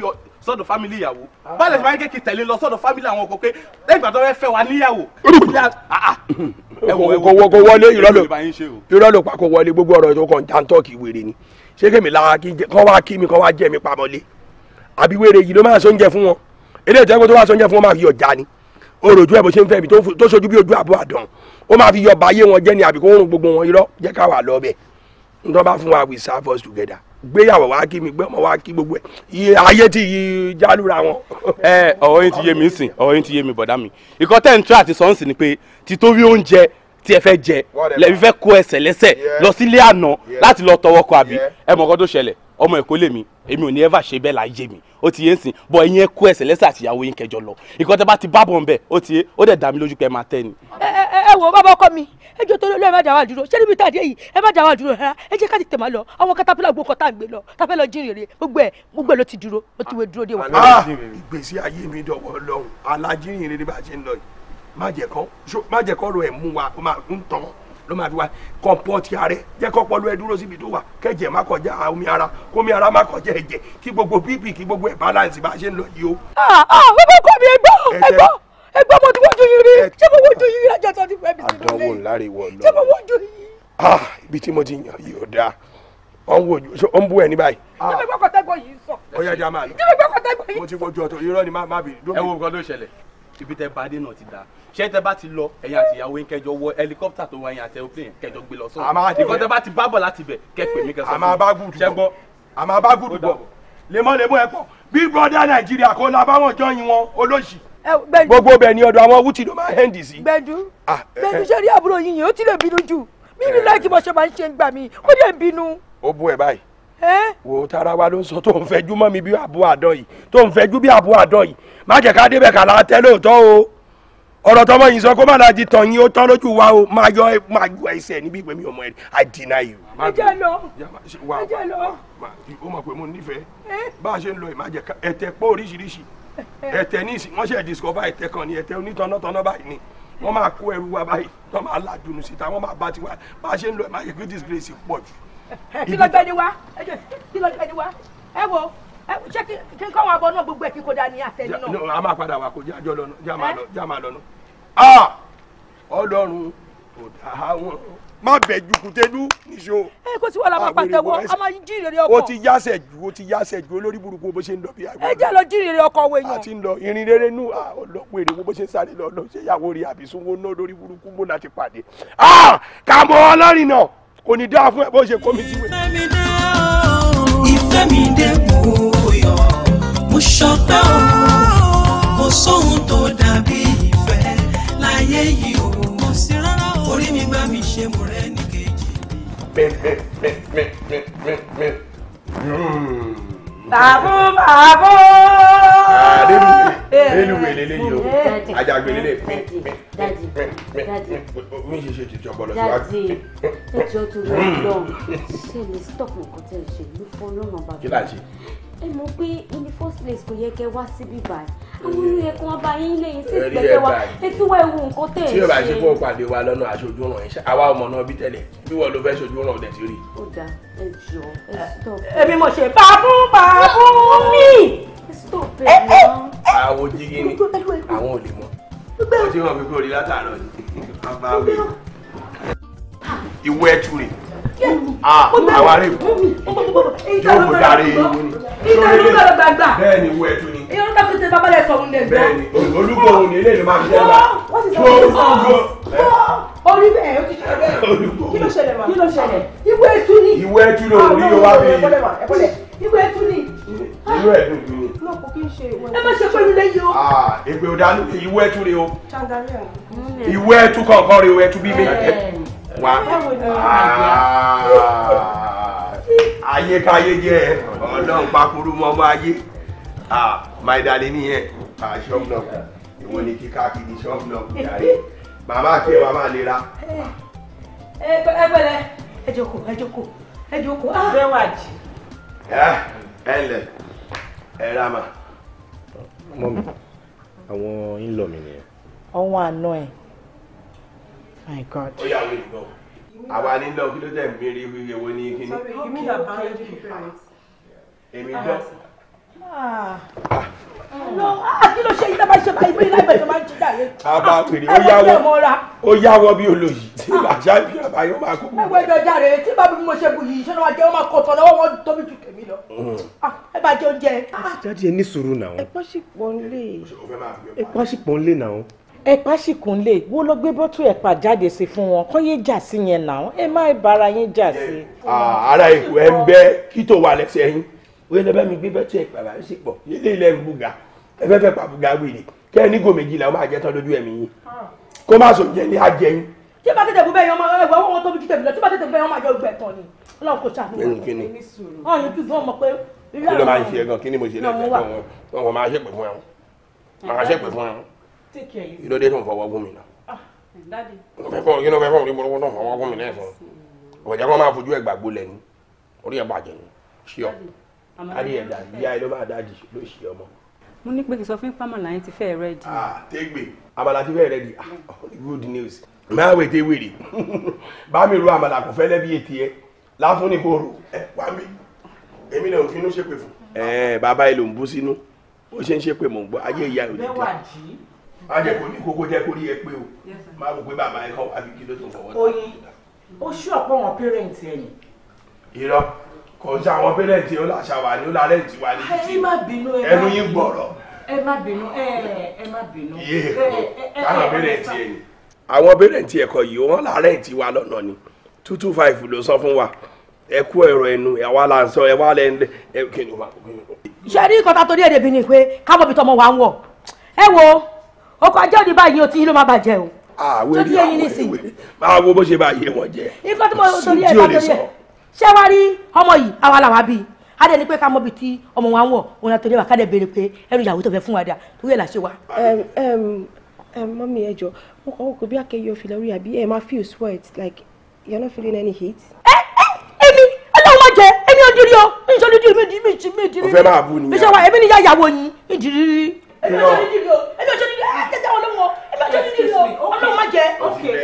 sọ́dọ̀ fámìlì ìyàwó ah. báyìí máa ń kékeré tẹ̀lé lọ sọ́dọ̀ fámìlì àwọn ọkọ pé lẹ́yìn ìgbà tó fẹ́ fẹ́ wa níyàwó. Ah, ah. kò kò wọlé irọ́ ló pa kò wọlé gbogbo ọ̀rọ̀ tó kàn já ń tọ́ọ̀kì wèrè ni ṣé kèmi lára kọ́ wá kí mi kọ́ wá jẹ́ mi pamọ́lé àbí wèrè yìí ló máa sọ oúnjẹ fún wọn eléyìí tẹ́gbọ́n tó wá sọ oúnjẹ fún wọn máa fi ọjà ni oròjú ẹ̀ bó ṣe ń fẹ́ bi tó sojú bí ojú àbọ̀ àdán ó máa fi yọ báyé wọn jẹ́ ni àbí kó ń rún gbogbo wọn irọ́ jẹ́ ká wà lọ́ọ́ bẹ̀ ń tọ́ bá fún wa we serve us together gbéyàwó wá kí mi gbé ọmọ wá kí gbogbo ẹ ayé ti yí jálúra wọn. ẹ ọ̀rọ̀ yín ti yé mi sìn ọ̀rọ̀ yín ti yé mi bọ̀dá mi ìkọ́ tẹ́ ń tún àti sọ́ọ̀sì ni pé títorí oúnjẹ tí ẹ fẹ́ jẹ lẹ́bi fẹ́ kó ẹsẹ̀ lẹ́sẹ̀ lọ sílé àná láti lọ tọwọ́ kọ àbí ẹ mọ̀ kọ́ tó ṣẹlẹ̀ ọmọ èkó lèmi èmi ò ní ever ṣe bẹ́ẹ̀ láyé mi ó ti yé ń sìn bọ ẹ̀yin ẹ kú ẹsẹ̀ lẹ́sẹ̀ àtìyàwó yín kẹjọ lọ ìkọ́ tẹ́ bá ti bábọ̀ ńbẹ ó ti yé ó dẹ̀ dá mi lójú pé ẹ máa tẹ́ ni. ẹ ẹ ẹ wo bàbá ọkọ mi ẹjọ tó lọ ẹ má dá wa dúró ṣé níbi tàdé yìí ẹ má dá wa dúró rárá ẹ jẹ́ ká ti tẹ̀ máa lọ àwọn katapila gbó kọ́tà gbé lọ tàfẹ́ lọ jírèrè gbogbo ẹ gbogbo ẹ ló ti dúró ó ti wé dúró dé wa. Ah! ìgbésí ayé mi dọ̀wọ́ lọ́hùn alájírìnrere bá ṣe ń lọ yìí má jẹ́ kọ́ ọ̀rọ̀ ẹ̀ mú wa ó máa ń tán ló máa fi wá kọ́ńpọ́ọ̀tì ààrẹ jẹ́ kọ́pọ́lọ́ ẹ dúró síbi tó wà kẹ́jẹ̀ má kọjá omi ara kómi ara má kọjá ẹ̀jẹ̀ kí gbogbo bíbì kí gbogbo ẹ̀ balance bá ṣe ń lọ yìí o. Ah, ah, bàbá kọ́ mi ẹgbọ́ ẹgbọ́ ẹgbọ́ mo ti wojú yín rí ṣé mo wojú yín rí ajá tó ti fẹ́ mi sínú ilé ṣé mo wojú yín. Ah, ibi tí mo ti yàn yìí ò dáa ọ ń wo ọ ń bú ẹ ní báyìí. kí ló gbọ́ kọ́tẹ́gbọ̀ yìí sọ. ó yá já máa lọ. kí ló gbọ́ kọ́tẹ́gbọ̀ ṣé tẹ bá ti lọ ẹ̀yin àti ìyàwó yín kẹjọ wọ ẹlikọ́pítà tó wà yín àti aeroplane kẹjọ gbé lọ sọ́wọ́ ìkọ́ tẹ bá ti bá bọ̀ láti bẹ̀ kẹ pè mí kẹ sọ fún mi ṣẹ́gbọ́ àmà bá gùdù bọ̀ lemọ́lemọ́ ẹ̀ pọ̀ bí broda nàìjíríà kó la báwọn jọyìn wọn olóṣì gbogbo bẹ̀ ni ọ̀dọ̀ àwọn wútì máa hẹ́ndì sí. gbẹdú ah, gbẹdú sẹ́rí àbúrò yìnyín ó ti lè bínú jù mi ní láì kí máa ń ṣe ń gbà mí ó lè bínú. ó bú ẹ báyìí wo tara wa ló ń sọ tó ń fẹjú mọ́ mi bí àbú àdán yìí tó ń fẹjú bí àbú àdán yìí má jẹ́ ká débẹ̀ kà láà lóòótọ́ o ọ̀rọ̀ tọmọ yìí sọ kó má dájú tán yín ó tán lójú wa o máa yọ máa yọ ẹsẹ̀ níbi ìpè ọmọ ẹ̀ I deny you. ẹ jẹ́ lọ ẹ jẹ́ lọ. ó mọ̀ pé mo nífẹ̀ẹ́ bá a ṣe ń lọ ìmájẹ ẹ̀tẹ̀ pọ̀ oríṣiríṣi ẹ̀tẹ̀ ní ìsìn wọ́n ṣe discover ẹ̀tẹ̀ kan ní ẹ̀tẹ̀ onítọ̀nàtọ̀nà báyìí ni wọ́n máa kó ẹrú wa báyìí wọ́n máa làdùnú síta wọ́n máa bá tiwa bá a ṣe ń lọ ìmájẹ kí disgrace pọ̀ jù. kí ló gbẹ́ni wá ẹ wo ẹ ṣé kí n kọ́ wọn abọ́ náà gbogbo ẹ̀ kí kò dáa ní àtẹ̀yìn náà. a máa padà wà kó jájọ lọ́nà já máa lọ́nà. ọlọ́run kò dá wọn má bẹ̀ ju kùtẹ́lú níṣó. ẹ kò sí wàhálà máa pàtẹ́wọ́ a máa jí ìrèrè ọkọ. o ti yáṣẹ ju o ti yáṣẹ ju olórí burúkú bó ṣe ń lọ bí àgbẹ̀. ẹ jẹ́ lọ jí ìrèrè ọkọ wo èèyàn. àti lọ irin rere nù ọlọpọ èrè wo bó ṣe ń sáré lọ lọ ṣé ìyàwó rẹ àbísùn wo ná lórí burúkú mọ́ láti pàdé. kàmọ́ ọlọ́rin náà kò ní dáa fún ẹ bó ṣe kó mi sí ìfẹ́ mi dé mú mo ṣọpẹ́ o kò sóhun tó dàbí ìfẹ́ láyé yìí o mo sì rárá o orí mi bá mi ṣe mo rẹ́ ní kejì. bàbú bàbú reluwe lele yìí o ajagbe lele mi ṣe ṣe tètè ọpọlọ síwájú. ẹjọ tó lọ lọhùn ṣe lè stop nǹkan tẹ ẹ ṣe ló fọ lọrùn bàbá. kí láti. ẹ mọ̀ pé in the first place kò yẹ kẹ́ wá síbí báyìí àwọn olóyè kan ọba yín lẹ́yìn sí ìpẹtẹ wa etí wá ewu nǹkan tẹ ẹ ṣe. tí o bá ṣe fún ìpàdé wa lọ́nà aṣojú ràn ẹ́ àwa ọmọ náà bí tẹ́lẹ̀ bí wọ́n ló fẹ́ ṣojú ràn ọ̀dẹ̀ tí ó rí. ó dáa ẹ jọ ẹ ah. stop. ẹbí mo ṣe bàbú bàbú mi stop ẹ̀ eh, eh, náà. Eh. àwọn jígi ni àwọn ò lè mọ wọ́n ti hàn mí pé orí látàárọ̀ ni bàbá ah, mi ìwé ẹ̀tù rè àwọn ará ìbò yóò kó darí ìwé ni. ìdá ló lọ gbàgbà bẹ́ẹ̀ ni ìwé ẹ̀tù ni. ìyọ̀n náà fi ṣe tábàlẹ̀ sọ̀rọ̀ ní ẹ̀gbọ́n. bẹ́ẹ̀ ni olúkọ òun ni eléyìí máa fi ṣe ẹgbà tó tó orí bẹ́ẹ̀ ó ti ṣẹlẹ̀ kí ló ṣẹlẹ̀ ìwé ẹ̀tù ni. ìwé ẹ̀tù lòun ní yorùbá bíi ìwé ẹtú ni. ìlú ẹ̀dùn ìlú ni. Ah, náà kò kí n ṣe ìwé ẹtú. ẹ má ṣe pé mi lẹ́yìn o. èpè ò dánú ìwé ẹtú ni o. Mm-hmm. ìwé ẹtú kọ̀ọ̀kan rẹ̀ ìwé ẹtú bí méjì. Mm-hmm. wà ah, ayékáyé jẹ ọlọ́run pakuru mọ́ ọmọ ayé maidale nìyẹn ṣọ́ọ̀bù náà ìwọ ni kíkà kìdí ṣọ́ọ̀bù náà kù jáde bàbá àti ẹ̀ wà máa lera. Eh, eh, ẹ pẹ̀lẹ́ ẹ jókòó ẹ jókòó ẹ jókòó. Ah. bẹ́ẹ̀ wà jí ẹ ǹlẹ́ ẹ ra mà. mọ mi àwọn in-law mi nìyẹn. ọ̀hún àná ẹ̀ my god. ó yà wí ìbọn àwa nílò kí ló tẹ̀ ń béèrè wíwí owó ní kíní. èmi gbọ́. Ah, kí ló ṣe ìjọba ṣe báyìí bí láìpẹ́ tó máa ń jí dàrí. àbá pèrè ó yáwọ́ ó yáwọ́ bí olóyìí tí ah. àṣà ìbí àbáyọ máa kó. ẹgbẹ́ ìjọ jàre tí bábí mo ṣe bù yìí ṣé wọ́n jẹ́ wọ́n máa kọ̀tọ̀ lọ́wọ́ wọn tóbi ju tèmi lọ. Mm. Ah, ẹ bá jẹ oúnjẹ. jáde ẹ ní sùúrù náà. ẹ̀pá sì pọ̀ ń lè. ẹ̀pá sì pọ̀ ń lè náà. ẹ̀pá sì kún lè wo ló gbé bọ́tù ẹ̀pà jáde sí fún wọn kọ́ yé jà sí yẹn ó yẹ bá mi gbé bẹ́tù ẹ̀ bàbá mi sì pọ̀ yẹlé ilẹ̀ buga ẹ fẹ́ fẹ́ pa buga wèrè kẹ́ ẹ ní gò méjìlá ó máa jẹ tán lójú ẹ̀mí yín ah. kó má sọ jẹ ní ajẹyìn. tí bá tètè bú bẹ́ẹ̀ yan ọmọ ẹ̀wọ̀ wọn tóbi jù tẹ̀mí lọ tí bá tètè bú bẹ́ẹ̀ yan ọmọ àjọ ìgbẹ́ tán ni ọlọ́run kò ṣàánú wọn. ọ̀hún yóò tún fún ọmọ pé. kí ló máa ń ṣe gan kí ni mo ṣe lẹ́sẹ̀ fún wọn máa ṣèpè fún ẹ máa ṣèpè fún ẹ ìlọdẹ tó ń fọwọ́ gún mi náà. Ah, kí ló fẹ́ fọ́ orí burúkú tó ń fọwọ́ gún mi náà sọ ọ̀jẹ̀ kan máa fojú ẹ̀ gbàgbó lẹ́nu orí ẹ̀ bàjẹ́ ni ṣíọ́ kárí ẹ̀ dàdí yá ẹ ló bá dàdí ló ṣe ọmọ. mo ní pé kí n sọ fún pàmò láyé ti fẹ́ rẹ di. Ah, tẹ́gbẹ̀ abala ti fẹ́ rẹ di ah, good news máa wẹ̀ tẹ́ wèrè bá mi ru àmàlà kò fẹ́ lẹ́bi ètì ẹ láfún ní kóró ẹ wá mi èmi náà ò fi inú ṣépè fún. ẹ eh, eh, bàbá ẹ ló ń bú sínú ó ṣe ń ṣépè mọ̀ ń gbọ́ ayé ìyá ò ní dé má jẹ́ kó ní kókó jẹ́ kó rí ẹ pé o má wò pé bàbá ẹ kọ́ àbí kí ló tó fọwọ́. oyin ó ṣú ọ̀pọ̀ wọn pẹ́rẹ́ǹtì ẹ̀yìn. irọ́ kò sí àwọn pẹ́lẹ́ǹtì ó làṣà wà ní ó làárẹ̀ tì wà ní títì ẹnu yín gbọ̀rọ̀. ẹ má bínú ẹ ẹ má bínú. iye èkó káwọn pẹ́lẹ́ǹtì ẹ̀ ni. àwọn pẹ́lẹ́ǹtì ẹ̀kọ́ yìí wọ́n làárẹ̀ tì wà lọ́nà ni two two five ló sọ fún wa ẹ kú ẹ̀rọ ẹnu ẹ wá là ń sọ ẹ wá lẹ ń ẹ kí ni o máa. ṣé rí nǹkan tá a torí èdè bí ni pé káwọn ibi tọmọ wa ń wọ ẹ wo ọkọ ajé òní báyìí o ti ló máa bàjẹ́ o. Ah, àwọn èdè àwọn èdè máa wo bó ṣe bá yé wọn jẹ. nǹkan tí mo torí ẹ̀ bá torí ẹ̀ ṣé wá rí ọmọ yìí àwa làwa bí a dẹ̀ ní pé ká mọ̀ bí tí ọmọ wa ń wọ̀ òun àti oníwà ká dẹ̀ béèrè pé ẹrù ìyàwó tó fẹ́ fún wa dà torí ẹ̀ là ṣe wá. mọ́mí ẹ jọ mo kàn wọ́n kò bí akẹ́yẹ òfin lórí àbí ẹ máa feel sweat like you are not feeling any heat. ẹ ẹ èmi ọlọ́run má jẹ èmi ò dirí o mi ò sọ ní dirí mi ìdírí mi ìdírí mi ìṣe wa èmi ni yá ìyàwó yín ìdírí ẹbí ọjọ́ ní nílò ẹbí ọjọ́ ní nílò ẹ jẹjẹ ọlọ́wọ́ ẹbí ọjọ́ ní nílò ọlọ́wọ́ má jẹ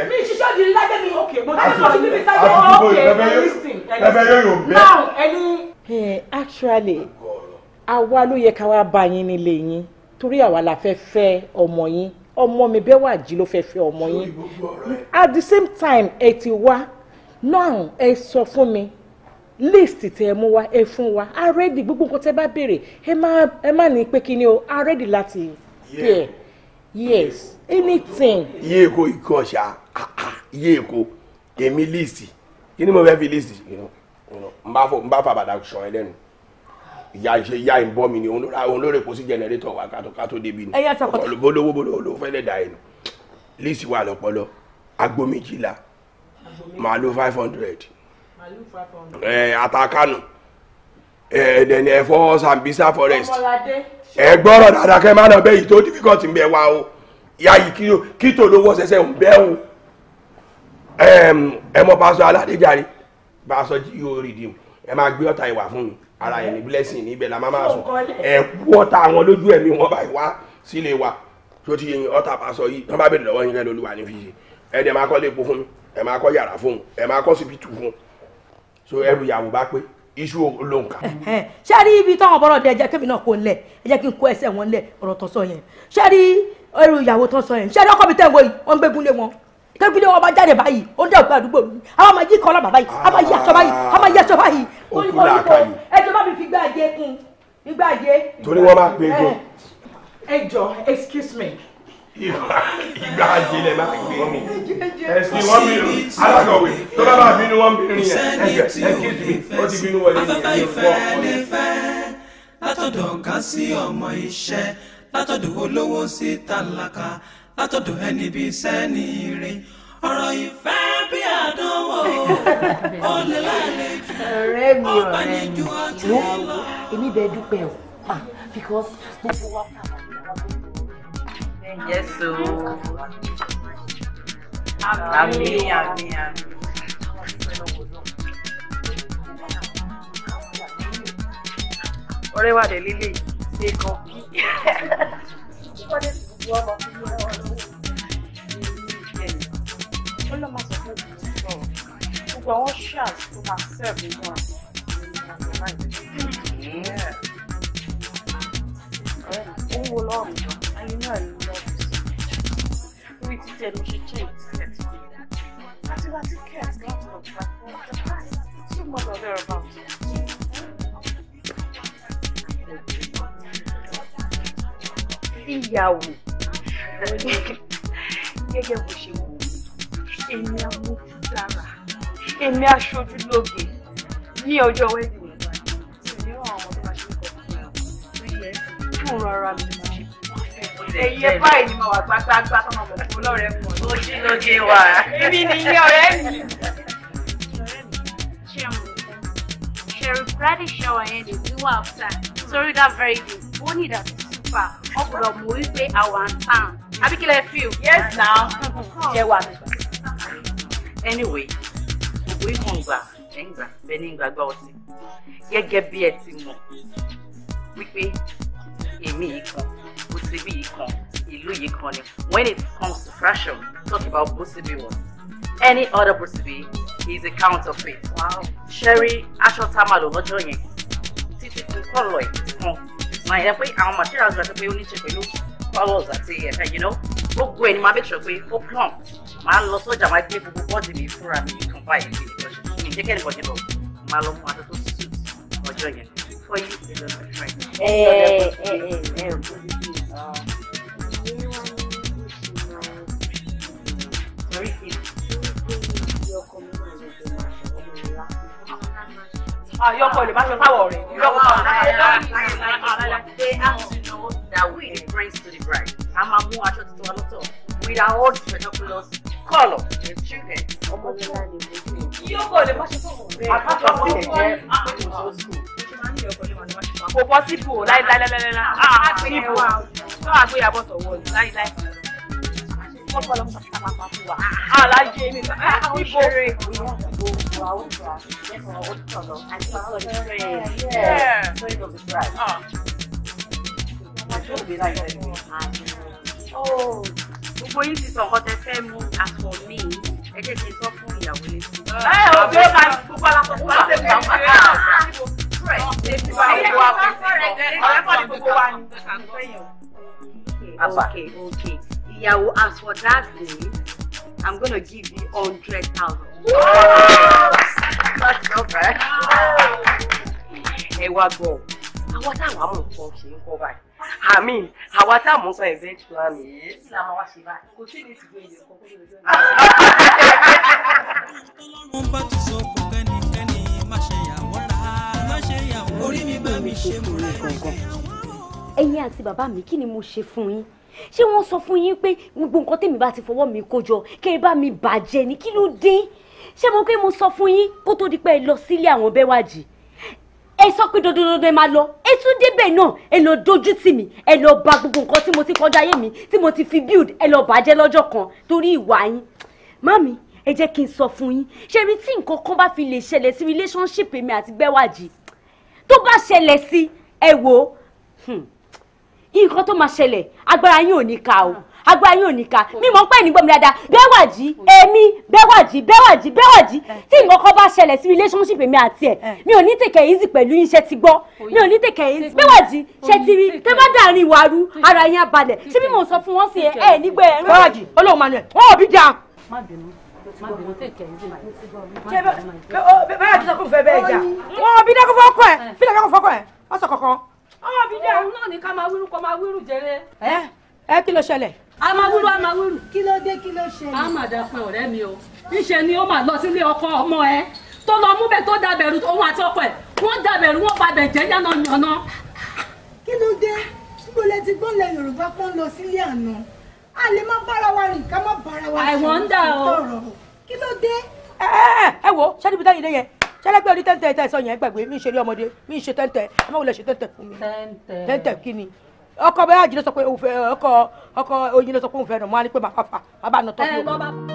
mi ìṣiṣẹ́ òdìrí lájẹ́ mi ọlọ́wọ́ ti níbi sáyé ọ̀ọ́ okay now ẹni. actually oh, àwa ló yẹ ká wá bá yín nílé yín torí àwa la fẹ́ fẹ́ ọmọ yín ọmọ mi bẹ́ẹ̀ wà jí ló fẹ́ fẹ́ ọmọ yín at the same time ẹ ti wá now ẹ sọ fún mi list tẹ ẹ mú wa ẹ fún wa already gbogbo nǹkan tẹ bá béèrè ẹ má ẹ má ní pé kí o already láti pay yes anything. iye èkó ikọ̀ ṣá ah, ah, iye èkó èmi list kí ni mo fẹ́ fi list n bá fà bàdà sàn ẹ lẹ́nu ìyá ìṣe ìyá ìbọn mi ni òun lórí kò sí jẹnẹrétọ̀ wa kátó kátó débi ni bolówó bolówó ló fẹ́lẹ̀ dà ẹnu list wà lọ́pọlọ agbo méjìlá màá five hundred ẹ atakanu ẹ dẹni ẹfọ Sambisa forest ẹ gbọ́rọ̀ dáadáa kẹ́ ẹ má lọ bẹ́ẹ̀ yìí tó difficult ń bẹ wa o ya yìí kí tó lówó ṣẹṣẹ ń bẹ́ o ẹ mọ pásọ aládéjàre pásọ jí yóò rí di o ẹ máa gbé ọ̀tá ìwà fún mi ara ẹ̀ ní blessing níbẹ̀ la máa máa sùn ẹ kú ọ̀tá àwọn lójú ẹ̀mí wọn báyìí wá sílé wa tó ti yin ọ̀tá pásọ yìí tó bá bẹ̀rẹ̀ lọ́wọ́ yín lẹ́nu olúwa ní fi ṣe ẹ dẹ̀ máa kọ́ lépo fún mi ẹ máa kọ́ yàrá fún mi ẹ máa kọ́ síbi tù fún mi so ẹrù ìyàwó bá pé iṣu ló ń kà. ṣé rí ibi táwọn bọ́rọ̀ dé ẹjẹ́ kébì náà kó lẹ̀ ẹjẹ́ kí n kó ẹsẹ̀ wọn lẹ̀ ọ̀rọ̀ tó sọ yẹn ṣé rí ẹrù ìyàwó tó sọ yẹn ṣé rí ọkọ mi tẹ̀wọ́ yìí wọ́n ń gbégún lé wọn gbégún lé wọn bá jáde báyìí ó ń dẹ̀ gbé àdúgbò mi àwọn máa yí kan ọlọ́mà báyìí a máa yí aṣọ báyìí a máa yí aṣọ báyìí. òkú làákàyè ẹjọ́ bá mi fi gbé àjẹ kún mi gbé àjẹ. torí wọ́n máa gbé e jọ. ẹ jọ excuse me ìgbà àjẹlẹ bá gbé ẹsìn wọn bínú alákọ̀wé tó bá bá bínú wọn bínú yẹn ẹgbẹ ẹkẹjì mi ó ti bínú wọlé ní ẹyẹ fún látọ̀dọ̀ ọ̀gá sí ọmọ iṣẹ́ látọ̀dọ̀ olówó sí tálákà látọ̀dọ̀ ẹni bí sẹ́ni rìn ọ̀rọ̀ ìfẹ́ bí àdánwò ó lè lálejò ó èmi bẹ dúpẹ́ o ah, because gbogbo wa. Yes, o. amen. àmín, àmín. Ọ̀rẹ́ wa dẹ̀ lílé ṣe kan bí. Ó lọ́ máa sọ fún òbí sọ̀rọ̀. Gbogbo àwọn ṣáàs tó máa sẹ́ẹ̀bù nínú àti wà ní lọ́ọ̀bù orí títẹ mo ṣe jẹ́ ìtìlẹ̀ tó wà àti láti kẹ́ẹ̀tì láti ọ̀gbà fún ọjọ́ báyìí two months or thereabouts. ìyàwó gẹ́gẹ́ bó ṣe wù èmi amójúdára èmi aṣojú lóge ní ọjọ́ wẹ́dìmù tí mi ràn àwọn tó máa ṣe ń kọ̀ fún rárá mi èyí ẹ báyìí ni mo wà gbágbágbá tọmọ mọ̀ fún lọ́rẹ́ fún ọ. ojú ló dé wá. èmi ni iye ọ̀rẹ́ mi. ṣẹ̀rù bradley ṣọwọ́ yẹn lè ní wà fúta torí that very day ó ní ìdàtí super ọ̀pọ̀lọ̀ mọ̀ wípé àwọn àǹtàn abíkílẹ̀ fíl. yes now jẹ́ wà anyway gbogbo ìmọ̀ ìgbà ẹ̀ǹgbà bẹ́ẹ̀ ni ìgbà gbọ́ ọtí gẹ́gẹ́ bí ẹ ti mọ̀ wípé èmi yìí Bùsibí yìí kan ìlú yìí kan when it comes to fashion talk about Bùsibí one any other Bùsibí is a counterfeit. Wow. Sherry Asho aṣọ tá a máa lò lọ́jọ́ yẹn títí tí kọ́lọ̀ ẹ̀ kan máa yẹ pé àwọn materials rẹ̀ pé ó ní ṣe pẹ̀lú colours àti ẹ̀fẹ̀ you know gbogbo ẹ̀ ni máa make sure pé ó plump máa lọ sọ́jà máa gbé gbogbo bọ́ọ̀dì mi fúnra mi nǹkan báyìí ní ìjọsìn mi jẹ́kẹ́ ní bọ́ọ̀dì bọ̀ máa lọ mú aṣọ tó tutù ọjọ́ yẹn fọ́ yìí ṣe lọ́sọ̀ọ́ àyọkọ lè má ṣe fáwọ rẹ ìyọkọ That we brings to the bride. I'm a more actual to a lot of with our own binoculars, color, the children. Ìyọkọ lè má ṣe fáwọ rẹ. Àpapọ̀ ọmọ ìjẹ́ àpapọ̀ kò possible láíláíláíláí. Àgbéyàwó àgbéyàwó tọ̀wọ́ láíláí wọ́n bọ̀ lọ́mọ kàtà pàpà fún wa. gbogbo yìí ti sọ tẹ fẹ́ mú àfọ mi ẹ jẹ́ kí n sọ fún ìyàwó létí. ẹ ò bí ó gbogbo alákọ̀ọ́ fún ṣe fún wa àbá ìyàwó as for that day i'm gonna give you hundred thousand. that's not bad. ẹ wá gbọ́ àwọn táwọn amọ̀ nǹkan ṣe ń kọ́ báyìí àmì àwa tá à mú sọ event plan yìí sí la máa wá ṣe báyìí kò sí ní ìsìnkú èèyàn kan kó àti bàbá mi kí ni mo ṣe fún yín ṣé wọ́n sọ fún yín pé gbogbo nǹkan tèmi bá ti fọwọ́ mi kó jọ kẹ́ ẹ bá mi bàjẹ́ ni kí ló dé ṣé mo pé mo sọ fún yín kó tó di pé ẹ lọ sílé àwọn Bẹ́wàjì ẹ sọ pé dandandandan ẹ máa lọ ẹ tún débẹ̀ náà ẹ lọ dojú tì mí ẹ lọ bà gbogbo nǹkan tí mo ti kọjá ayé mi tí mo ti fi build ẹ lọ bàjẹ́ lọ́jọ́ kan torí ìwà yín mami ẹ jẹ́ kí n sọ fún yín ṣe rí tí nǹkan kan bá fi lè ṣẹlẹ̀ sí relationship mi àti Bẹ́wàjì tó bá ṣẹlẹ̀ sí ẹ wò ó. Hmm nǹkan tó máa ṣẹlẹ̀ agbára yín ò ní ka o agbára yín ò ní ka mi mọ̀ pé ẹni gbọ́ mi dáadáa Bẹ́wàjí èmi Bẹ́wàjí Bẹ́wàjí Bẹ́wàjí tí nǹkan kan bá ṣẹlẹ̀ sí relationship mi àti ẹ̀ eh. mi ò ní tèkẹ̀ easy pẹ̀lú yín ṣe ti gbọ́ mi ò ní tèkẹ̀ easy Bẹ́wàjí ṣe ti rí tẹ́ bá dàrin ìwà rú ara yín á balẹ̀ ṣé bí mo sọ fún wọn sí ẹ ẹ nígbẹ́ ẹ. Bẹ́wàjí olóhùn manuel wọn ò bí dáa. má bínú bẹ́ẹ̀ ti sọ fún fẹ́ bẹ́ẹ̀ jà wọn ò bí dákú fọ́kọ ẹ̀ fílẹ̀ dákú fọ́kọ ẹ̀ wọ́n sọ kankan ọmọ mi ẹ kí ló ṣẹlẹ̀. a máa wíru a máa wíru. kí ló dé kí ló ṣẹlẹ̀. a máa dà pẹ́ ọ̀rẹ́ mi o níṣẹ́ ni ó máa lọ sílé ọkọ ọmọ ẹ tó lọ mú bẹ tó dàbẹ̀rù òun àti ọkọ ẹ wọ́n dàbẹ̀rù wọ́n babẹ̀ jẹ́ yànnà yànnà. kí ló dé níbo lẹ ti gbọ́n lẹ Yorùbá pọ́n lọ sílé àná a lè má bára wa rìn ká má bára wa ṣe ìtọ̀rọ̀ kí ló dé. ẹ ẹ ẹ wo ṣáà ṣẹlẹgbẹ orí tẹntẹ tẹ sọ yẹn gbàgbé mi ṣe rí ọmọdé mi ṣe tẹntẹ ẹ má wulẹ̀ ṣe tẹntẹ fún mi tẹntẹ kí ni ọkọ bẹ́ẹ̀ àjìnà sọ pé òun fẹ́ ọkọ ọkọ oyin sọ pé òun fẹ́ nà mọ á ní pé màá fà má bá nà tọ́jú òun.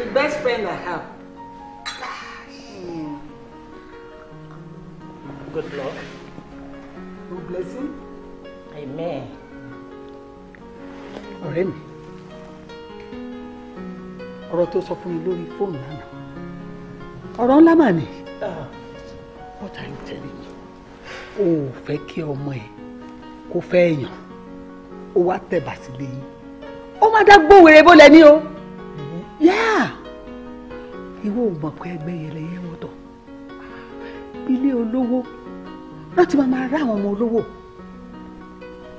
the best friend I have. Good luck. Good blessing. Amen. ọ̀rẹ́ ọ̀rọ̀ tó sọ fún mi lórí fóònù lánàá ọ̀rọ̀ ńlá mà ní. Ah, what are you telling me? o ò fẹ́ kí ọmọ ẹ kó fẹ́ èèyàn ó wá tẹ̀bà sílé yín ó má dá gbówèrè bó lẹ́ni o ìwọ ò mọ̀ pé ẹgbẹ́ yẹlẹ yẹn wọ́n tọ̀ ilé olówó láti máa máa rá àwọn ọmọ olówó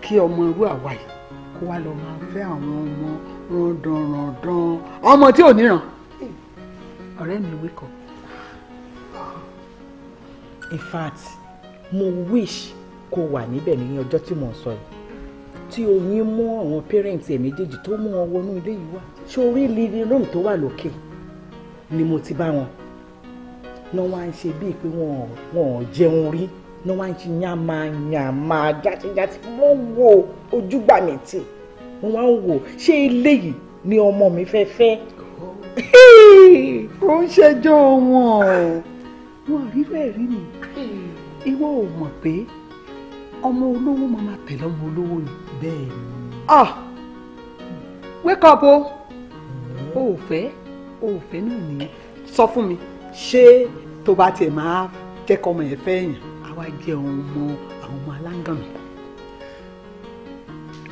kí ọmọ irú àwa yìí kó wá lọ máa fẹ́ àwọn ọmọ rọ̀dọ̀rọ̀dọ̀n ọmọ tí ò níran ọ̀rẹ́ mi wake up in fact mo wish kó wà níbẹ̀ ní ọjọ́ tí mò ń sọ yìí tí oyin mú àwọn parent ẹ̀ méjèèjì tó mú wọn wọnú ilé yìí wá sórí líle lóhùn tó wà lókè ni mo ti bá wọn náà wá ń ṣe bíi pé wọn ò jẹun rí náà wá ń ṣe yàmàyàmà játíjátí wọn wo ojúgbà mi tì mo máa ń wò ṣé eléyìí ni ọmọ mi fẹ́ fẹ́ ó ń ṣẹjọ́ wọn o wọn rí bẹ́ẹ̀ rí ni ìwọ ò mọ̀ pé ọmọ olówó máa ma tẹ̀lé ọmọ olówó ni. bẹ́ẹ̀ ni. ah wake up o o ò fẹ́ o ò fẹ́ náà nìyẹn sọ fún mi ṣé tó bá tiẹ̀ máa jẹ́kọ̀ọ́ ọmọ yẹn fẹ́ yàn àwa jẹ́ ọmọ àwọn ọmọ aláǹgàmì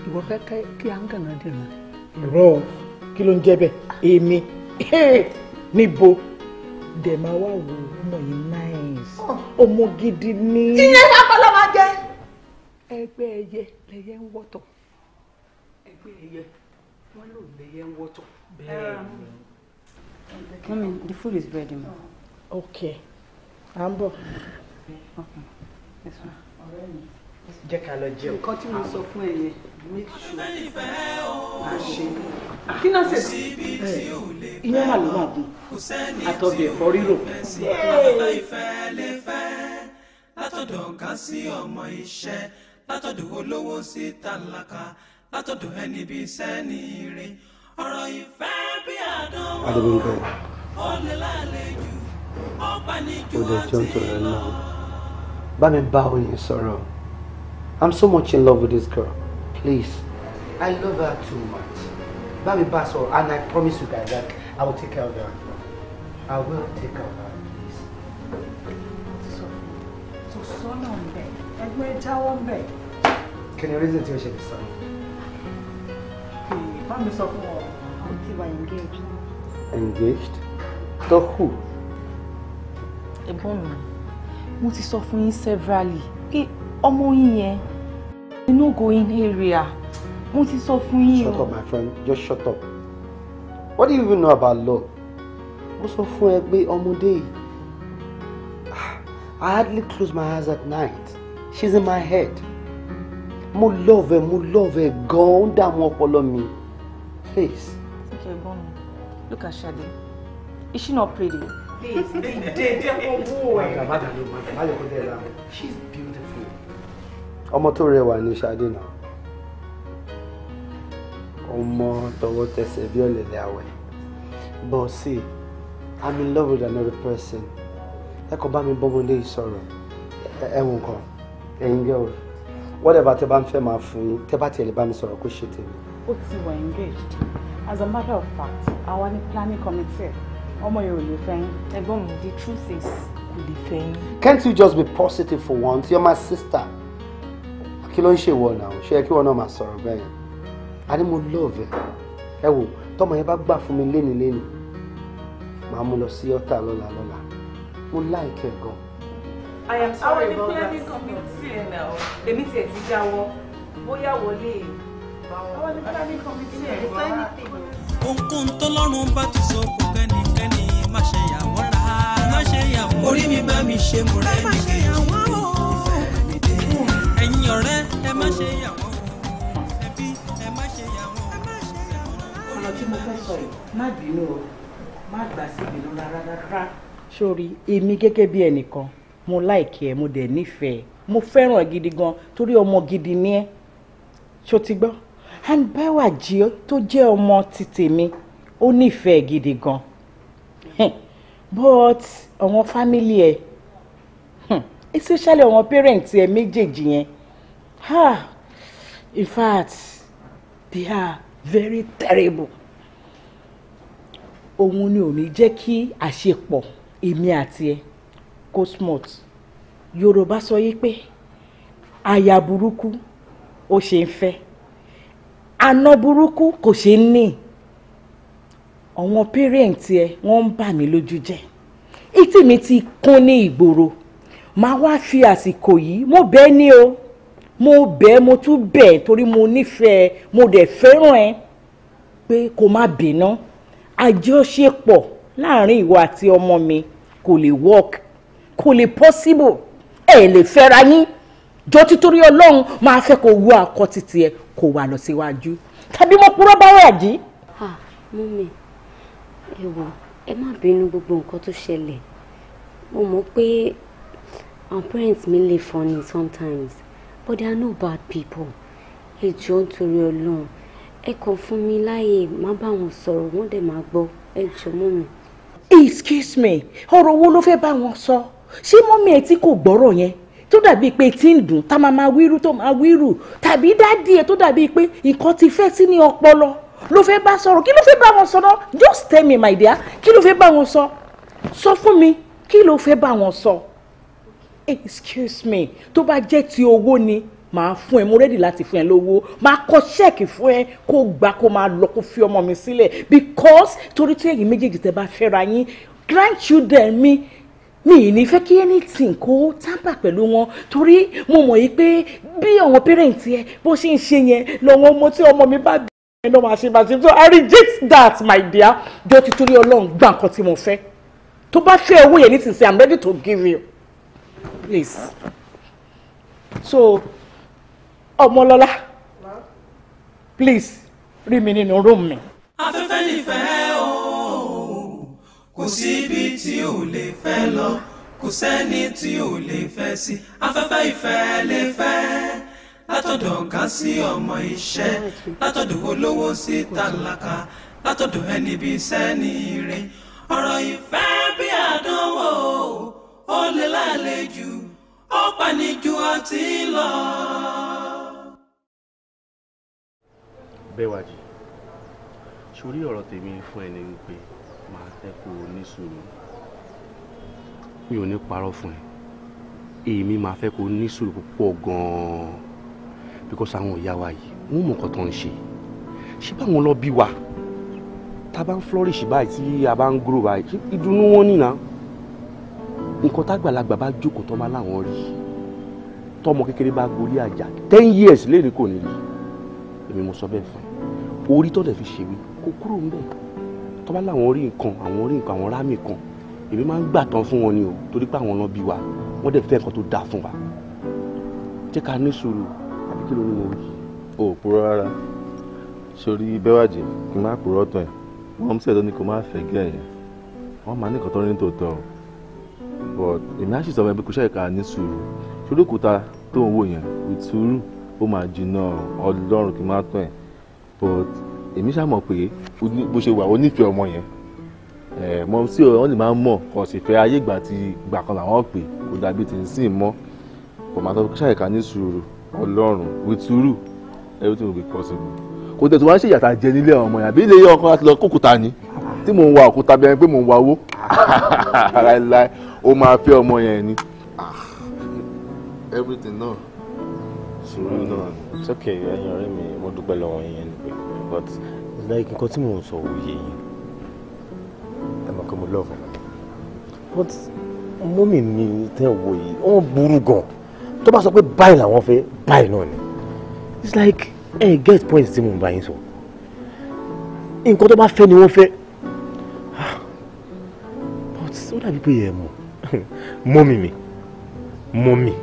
ìwọ fẹ́ kí áńgànà dènà rẹ̀. irọ́ kí ló ń jẹ́ bẹ́ẹ̀ èmi níbo dẹ̀ máa wá wò ó mọ̀ yín náìs ah. ọmọ gidi ni. iye sábàlá máa jẹ. ẹgbẹ́ ẹyẹ lẹyẹ ń wọ́tọ̀ ẹgbẹ́ ẹyẹ wọ́n lò lẹyẹ ń wọ́tọ̀ bẹ́ẹ̀. Mommy, the food is ready. Ma. Okay. À ń bọ̀. Okay. Yes, ma'am jẹ́ ká lọ jẹun. nǹkan tí mo sọ fún ẹ yẹn make sure a ṣe kí náà ṣe iná mà ló máa dùn àtọ̀bí ẹ̀fọ́ rírò. látọ̀dọ̀ ọ̀gá sí ọmọ iṣẹ́ látọ̀dọ̀ olówó sí tálákà látọ̀dọ̀ ẹni bíi sẹ́ni ire ọ̀rọ̀ ìfẹ́ bí àdánwò ó lè lálejò ó bá ní àti lọ. bá mi bá òye sọ̀rọ̀. I'm so much in love with this girl. Please. I love her too much. Bami Basso, and I promise you guys that I will take care of her. I will take care of her, please. So, so son on bed. And where tower on bed. Can you reason to your shepherd son? Bami Basso, until we're engaged. Engaged? To who? A mo ti sọ fún yín severally ọmọ yín yẹn you go in area mo ti sọ fún yín o. shut up my friend just shut up what do you even know about love mo sọ fún ẹ pé ọmọdé i hardly close my eyes at night she's in my head mo love ẹ mo love ẹ gan dààmú ọpọlọ mi please. okay gbọ́n mi look at Shade is she not pretty. please dey dey dey owó ẹ. she's beautiful ọmọ tó rẹwà ní Ṣadé náà ọmọ tọwọ́ tẹsẹ̀ bí ọ̀lẹ̀lẹ̀ àwẹ̀ but i'm in love with another person ẹ kàn bá mi bọ́mọdé ìsọ̀rọ̀ ẹ̀wọ̀n kan ẹ̀yin girl whatever tẹ bá ń fẹ́ máa fún yín tẹ bá tiẹ̀ lè bá mi sọ̀rọ̀ kó ṣe tèmi. ó ti wà engaged as a matter of fact our ní planning committee ọmọ yẹn ò lè fẹ́ yín mi the truth is kò lè fẹ́ yín. can't you just be positive for once you're my sister kí ló ń ṣèwọ náà ṣé kí wọn náà máa sọ̀rọ̀ bẹ́ẹ̀ yẹn a ní mo love ẹ wò tọmọ yẹn bá gbà fún mi léni léni màá mú lọ sí ọ̀tà lọ́la lọ́la mo láìkẹ́ gan. I am sorry about that. àwọn ènìyàn kan mi tiẹ̀ náà èmi tiẹ̀ ti jáwọ́ bóyá wọlé àwọn ènìyàn kan bá ti sọ kò kẹ́nikẹ́ni má ṣe yà wọ́n má ṣe yà orí mi bá mi ṣe mo rẹ́ nìkejì ẹ̀yin ọ̀rẹ́ ẹ má ṣe yàwọ́ ẹbí ẹ má ṣe yàwọ́. ọ̀rọ̀ tí mo fẹ́ sọ yìí má bínú o má gbà sí ìbínú rárá rárá. sórí èmi gẹ́gẹ́ bí ẹnìkan mo láìkí ẹ mo dẹ̀ nífẹ̀ẹ́ mo fẹ́ràn ẹ gidi gan torí ọmọ gidi ni ẹ ṣó ti gbọ́ and báwa jí tó jẹ́ ọmọ ti tèmi ó nífẹ̀ẹ́ gidi gan but àwọn fámìlì ẹ hmm, especially àwọn parents ẹ méjèèjì yẹn Ha! In fact, they are very terrible. Òun ni ò ní jẹ́ kí àṣepọ̀ èmi àti ẹ kó smooth. Yorùbá sọ yí pé aya burúkú ó ṣe ń fẹ́. Àna burúkú kò ṣe ń ní. Àwọn pírẹ̀ǹtì ẹ wọ́n ń bà mí lójú jẹ́. Ìtì mi ti kún ní ìgboro. Màá wá fi àsìkò yìí mo bẹ́ẹ̀ ní o mo bẹ̀ mo tún bẹ̀ torí mo nífẹ̀ẹ́ mo dẹ̀ fẹ́ràn ẹ pé kó má bínú àjọṣepọ̀ láàrin ìwọ àti ọmọ mi kò lè work kò lè possible ẹ lè fẹ́ra yín jọ títorí ọlọ́run máa fẹ́ kó wú àkọ́ títí ẹ kó wà lọ síwájú tàbí mo purọ́ bá wà jí. mú mi ẹ wò ẹ má bínú gbogbo nǹkan tó ṣẹlẹ̀ mo mọ̀ pé our parents mi lè funny sometimes but they are no bad people ẹ jọ̀ọ́ nítorí Ọlọ́run ẹ kàn fún mi láàyè má bá wọn sọ̀rọ̀ wọ́n dẹ̀ máa gbọ́ ẹ jọ̀ọ́ mọ́ mi. excuse me ọ̀rọ̀ wo ló fẹ́ bá wọn sọ ṣé mọ́mí ẹ tí kò ko yẹn tó dàbíi pé tí ń dùn tá máa máa wíru tó máa wíru tàbí dáàdì ẹ tó dàbíi pé nǹkan ti fẹ́ sí ní ọpọlọ ló fẹ́ bá sọ̀rọ̀ kí ló fẹ́ bá wọn sọ náà just tell me my dear Ki ló fe bá wọn sọ sọ fún mi kí ló fẹ́ bá wọn So excuse me tó bá jẹ́ ti owó ni màá fún ẹ mo rẹ́dì láti fún ẹ lówó màá kọ ṣẹ́ẹ̀kì fún ẹ kó gbà kó máa lọ kó fi ọmọ mi sílẹ̀ because torí tí ẹ̀yin méjèèjì tẹ́ bá fẹ́ra yín grandchildren mi mi ì ní fẹ́ kí anything kó tábà pẹ̀lú wọn torí mo mọ̀ yìí pé bí àwọn parent ẹ bó ṣe ń ṣe yẹn lọ́wọ́ ọmọ tí ọmọ mi bá bí ẹ náà máa so I reject that my dear jọ ti torí ọlọ́run gbà nǹkan tí mo fẹ́ tó bá fẹ́ owó yẹn nísinsìnyí I'm ready to give you place so ọmọlọ́lá please rí mi nínú room mi. afẹ́fẹ́ nìfẹ́ o kò sí ibi tí ò lè fẹ́ lọ kò sẹ́ni tí ò lè fẹ́ sí afẹ́fẹ́ ìfẹ́ lè fẹ́ látọ̀dọ̀ ọ̀gá sí ọmọ iṣẹ́ látọ̀dọ̀ olówó sí tálákà látọ̀dọ̀ ẹni bí sẹ́ni rẹ̀ ọ̀rọ̀ ìfẹ́ bí àdánwò ó lè lálejò panijú àti lọ. bẹ́wàjì sórí ọ̀rọ̀ tèmi fún ẹni wípé máa tẹ́kọ̀ oníṣòro mi ò ní parọ́ fún ẹ èmi máa fẹ́ kó oníṣòro púpọ̀ gan-an because àwọn ìyá wa yìí wọ́n mọ̀ nǹkan tó ń ṣe ṣé báwọn lọ bí wa tá a bá ń flourish báyìí tí a bá ń grow báyìí ìdùnnú wọn nìyà nǹkan tágbàlagbà bá jókòó tó máa láwọn rí i tọmọ kékeré bá gorí àjà ten years léèrè kò ní lè èmi mo sọ bẹ́ẹ̀ fún ẹ orí tọ́lẹ̀ fi ṣèwé kó kúrò ń bẹ̀ tọ́ba làwọn orí nǹkan àwọn orí nǹkan àwọn rámì kan èmi máa ń gbà tán fún wọn ni o torí pé àwọn ọ̀nà bí wa wọ́n dẹ̀ fẹ́ nǹkan tó dáa fún wa jẹ́ ká ní sùúrù àbí kí ló ní mo rí. o ò purọ́ rárá sórí bẹ́wàjì kí n má purọ́ tán ẹ̀ wọ́n ń sẹ̀dọ́ ni kò má fẹ́ gẹ́ ẹ̀yẹn wọ́n máa ní nǹkan tó rí ní tòótọ́ but èmi á sì sọ fún ẹ pé kò ṣe é ká ní sùúrù ṣorí òkúta tó ń wò yẹn with sùúrù ó máa jìnnà ọlọ́run kí n má tán ẹ̀ but èmi ṣàmọ̀ pé bó ṣe wà ó nífẹ̀ẹ́ ọmọ yẹn mọ sí ọ wọn lè máa mọ ọsìfẹ ayé ìgbà tí ìgbà kan làwọn pè kò dàbí tí ń sìn mọ kò máa tọ́jú ṣàyẹ̀ká ní sùúrù ọlọ́run with everything will be possible kò tẹ̀ tó wá ń ṣe ìyàtà jẹ nílé ọmọ yàbí ilé yẹ ọkàn láti lọ kókòtà ni tí mò ń wa òkúta bí ẹni pé mò ń wa owó ó máa fẹ́ ọmọ yẹn ni everything náà sùúrù náà. it's okay ẹ̀yin ọ̀rẹ́ me. mo dúpẹ́ lọ́wọ́ yín ẹni pé but like nǹkan tí mò ń sọ òye yín ẹ mọ̀ pé love am but mommy, mi tell wo Oh, wọ́n To pass tó bá sọ pé báyìí làwọn fẹ́ báyìí it's like ẹ hey, get point tí mò ń bá yín sọ nǹkan tó bá fẹ́ ni wọ́n fẹ́ but ó dàbí pé ẹ mọ̀ mommy, me, mommy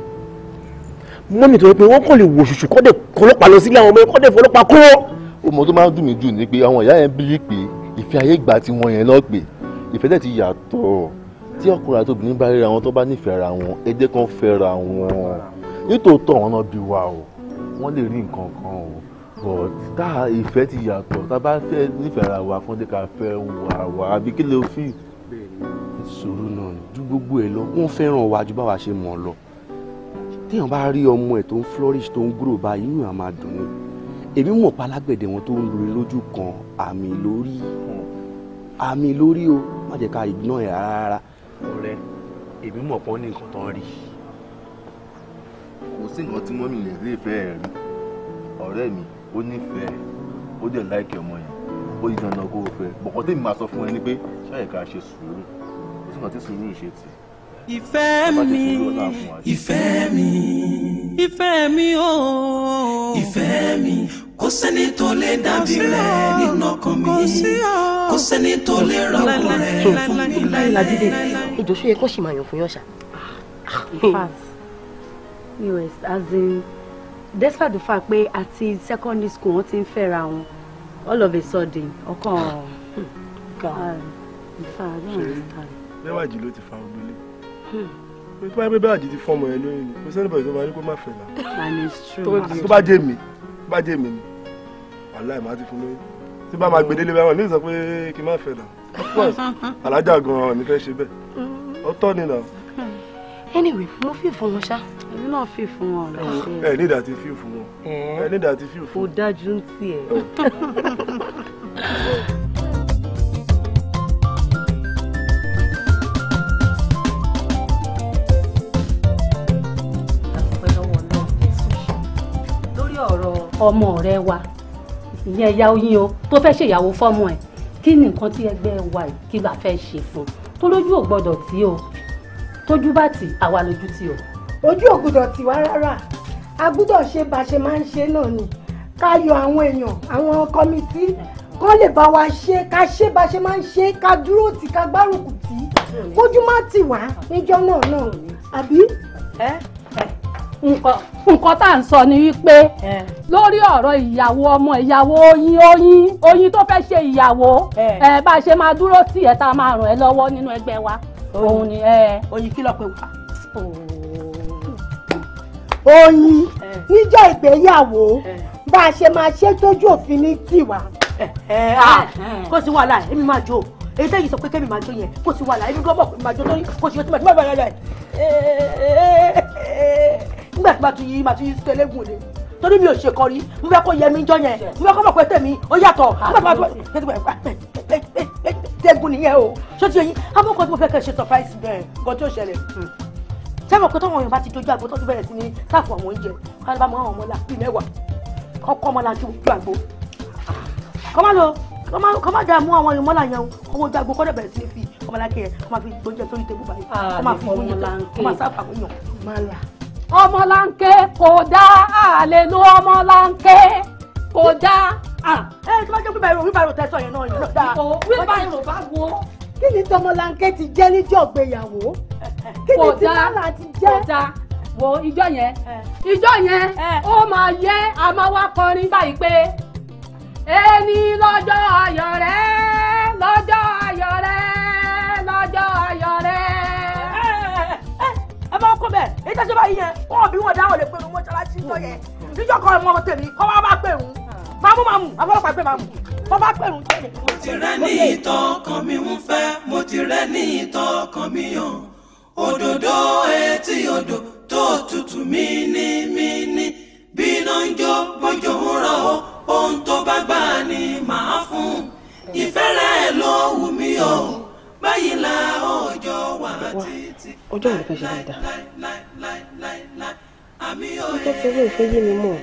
mọ́mì tó yẹ pé wọ́n kàn lè wò ṣùṣù kọ́ dẹ̀ kọlọ́pàá lọ sílé àwọn ọmọ yẹn kọ́ dẹ̀ fọlọ́pàá kó. ọmọ tó máa ń dùn mí jù ni pé àwọn ìyá yẹn bílí pé ìfẹ́ ayé ìgbà tí wọ́n yẹn lọ pé ìfẹ́ dẹ̀ ti yàtọ̀ tí ọkùnrin àti obìnrin bá ríra wọn tó bá nífẹ̀ẹ́ ra wọn ẹjẹ́ kan fẹ́ ra wọn nítòótọ́ wọn náà bí wa o wọ́n lè rí nǹkan kan o but tá ìfẹ́ ti yàtọ̀ tá bá fẹ́ nífẹ̀ẹ́ ra wa fún dẹ́ka fẹ́ wà wá àbí kí ló fi sùúrù náà ju gbogbo ẹ̀ lọ wọ́n fẹ́ràn wa ju báwa ṣe mọ̀ lọ téèyàn bá rí ọmọ ẹ̀ tó ń flourish tó ń grow báyìí inú àmà dùn ni èmi mọ̀ pa alágbẹ̀dẹ wọn tó ń lu lójú kan àmì lórí àmì lórí o má jẹ́ ká ignore ẹ̀ rárá. ọ̀rẹ́ èmi mọ̀ pọ́n ní nǹkan tó ń rí. kò sí nǹkan tí mọ́mí yẹn lè fẹ́ ẹ̀ rí ọ̀rẹ́ mi ó nífẹ̀ẹ́ ó dẹ̀ láìkẹ́ ọmọ yẹn ó di dandan kó o fẹ́ bọ̀kọ́ tèmi máa sọ fún ẹ ní pé ṣáà ẹ̀ka ṣe sùúrù kò sí nǹkan tí sùúrù ṣe tì í ìfẹ́ mi ìfẹ́ mi ìfẹ́ mi o. ìfẹ́ mi kò sẹ́ni tó lè dàbí rẹ̀ nínú ọkàn mi kò sẹ́ni tó lè rọ̀kọ̀ rẹ̀ fún mi láyé. ìjọsọ yẹ kó sì máa yàn fún yọ̀ṣà. in fact us as in despite the fact pé àti secondary school wọn ti ń fẹ́ra wọn all of a sudden ọkàn. Hmm. Ah, in fact i don't understand. mẹ́wàá jù ló ti fa omi lé tó bá yẹ pé bẹ́ẹ̀ àjèjì fún ọmọ yẹn lóyún ni kò sẹ́ni bọ̀dọ̀ tó máa ní kó má fẹ́ la. tó bá jẹ́ mi tó bá jẹ́ mi ni wàláì má ti fún lóyún tí bá máa gbé délé báwọn ní sọ pé kí má fẹ́ la of course alájà gan-an ò ní fẹ́ ṣe bẹ́ẹ̀ ọ̀tọ̀ ni na. anyway mo fi fún wọn ṣá èmi náà fi fún wọn. ẹ ní ìdá ti fi fún wọn ẹ ní ìdá ti fi fún wọn. kò dájú ń tiẹ̀. lórí ọ̀rọ̀ ọmọ rẹ wa ìyẹn ẹ̀yà oyin o tó fẹ́ ṣèyàwó fọ́mọ ẹ̀ kí ni nǹkan tí ẹgbẹ́ wa yìí kí la fẹ́ ṣe fún tó lójú ò gbọ́dọ̀ tí o tójú bá tì àwa lójú tì o. ojú ò gbọ́dọ̀ tì wá rárá a gbọ́dọ̀ ṣe bá a ṣe máa ń ṣe náà ni ká yọ àwọn èèyàn àwọn kọ́mítì kọ́ lè bá wa ṣe ká ṣe bá a ṣe máa ń ṣe ká dúró tì ká gbárùkù tì kójú má tì wá níjọ́ náà náà àbí. ẹ nǹkan tá à ń sọ ni wípé lórí ọ̀rọ̀ ìyàwó ọmọ ìyàwó oyin oyin oyin tó fẹ́ ṣe ìyàwó ẹ bá a ṣe máa dúró tì ẹ́ tá a máa ràn ẹ́ lọ́wọ́ nínú ẹgbẹ́ wa òun ni ẹ. oyin kí ló pe wá. oyin níjọ́ ìgbéyàwó bá a ṣe máa ṣe tójú òfin ní tiwa. Ah. kó sí wàhálà èmi máa jó o èyí tẹ́yìn sọ pé kẹ́mi máa jó yẹn kó ti wà láyé ní máa jó lórí kó ti tí máa bẹ̀rẹ̀ rẹ̀ nígbà tí màá tún yí màá tún yí torí mi ò ṣe kọrí mo fẹ́ kó yẹ mi jọ yẹn mo fẹ́ kó mọ̀ pé tèmi ó yàtọ̀ tẹ́gùn nìyẹn o ṣó ti yẹ yín amókò tí mo fẹ́ kẹ́ ṣe surprise bẹ́ẹ̀ gan tí ó ṣẹlẹ̀ sẹ́wọ̀n hmm. pé tọ́wọ́n yorùbá ti dojú àgbo tó ti bẹ̀rẹ̀ sí ní sáàfù àwọn oúnjẹ kálíbà mọ́ àwọn ọmọ là mẹ́wàá kọ́kọ́ ọmọ lajú àgbo kọ́má lo kọ́ má dààmú àwọn èèyàn mọ́là yẹn o ọmọ ojú agbo kọ́ dẹ̀bẹ̀rẹ̀ sí fi ọmọláńkẹ́ yẹn kọ́ máa fi gbóúnjẹ sórí tébù báyìí kọ́ máa fi gbóúnjẹ kọ́ máa sáfà fún yàn. ọmọláńkẹ́ kò dá àlè ló ọmọláńkẹ́ kò dá. ẹ ah, ẹ tí wọ́n jẹ́ wíbàrò wíbàrò tẹ̀sán yẹn náà yóò dáa. wíbàrò bá wo. kí ni tọmọláńkẹ́ ti jẹ́ níjọ́ gbéyàwó kí ni tí lálà ti jẹ́. kò dá wo ijọ́ yẹn ijọ́ eh. yẹn eh. ó máa yẹ àmọ́ wá kọrin báyìí pé èmi lọ́jọ́ ayọ̀ rẹ lọ́jọ́ ayọ̀ rẹ lọ́jọ́ ayọ̀ rẹ. ẹ máa kó bẹ́ẹ̀ èyí tẹ́sí báyìí yẹn wọn ò bí wọn dáhùn lè pẹ̀lú mọ́ṣáláṣí tó yẹ níjọ́ kan ọmọ tèmi kọ́ wá bá pẹ̀rù mamu mamu àfọlọ́pàá pé mamu kọ́ bá pẹ̀rù tẹ̀lé. mo ti rẹ́ ní ìtàn kan mi ń fẹ́ mo ti rẹ́ ní ìtàn kan mi yàn òdòdó etí odò tó tutù mí ní mí ní bí náà ń jó bójú ń rọ̀ ó ohun tó bá gbà ni màá fún ìfẹ́ rẹ̀ ló wù mí o báyìí la ọjọ́ wà títí. ọjọ́ òun fẹ́ ṣe dáadáa. ọjọ́ fẹ́rẹ́ ìfẹ́ yé mi mọ̀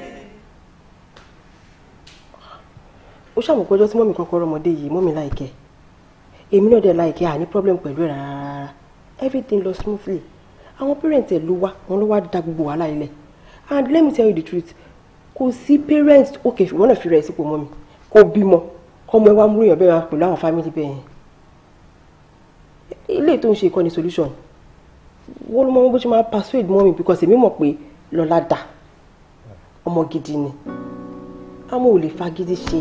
ó ṣàmùkọ́ ọjọ́ tí mọ́mì kọ́kọ́ rọmọdé yìí mọ́mì láìkẹ́ èmi náà dẹ̀ láìkẹ́ àní problem pẹ̀lú ẹ̀ rárá everything lọ smoothly àwọn parents ẹ̀ ló wá wọn ló wá da gbogbo wàhálà ilẹ̀ and let me tell you the truth kò sí parents ok ṣùgbọ́n náà fi rẹ̀ sípò mọ́ mi kò bímọ kọ́mọ ẹ wá múrò yàn bẹ́ẹ̀ wá pẹ̀lú àwọn family bẹ́ẹ̀ yẹn ilé tó ń ṣe ìkọ́ni solution wọ́n ló mọ bó ṣe máa persuade mọ́ mi because èmi mọ̀ pé lọ́la dà ọmọ gidi ni àmọ́ ò lè fagídí ṣe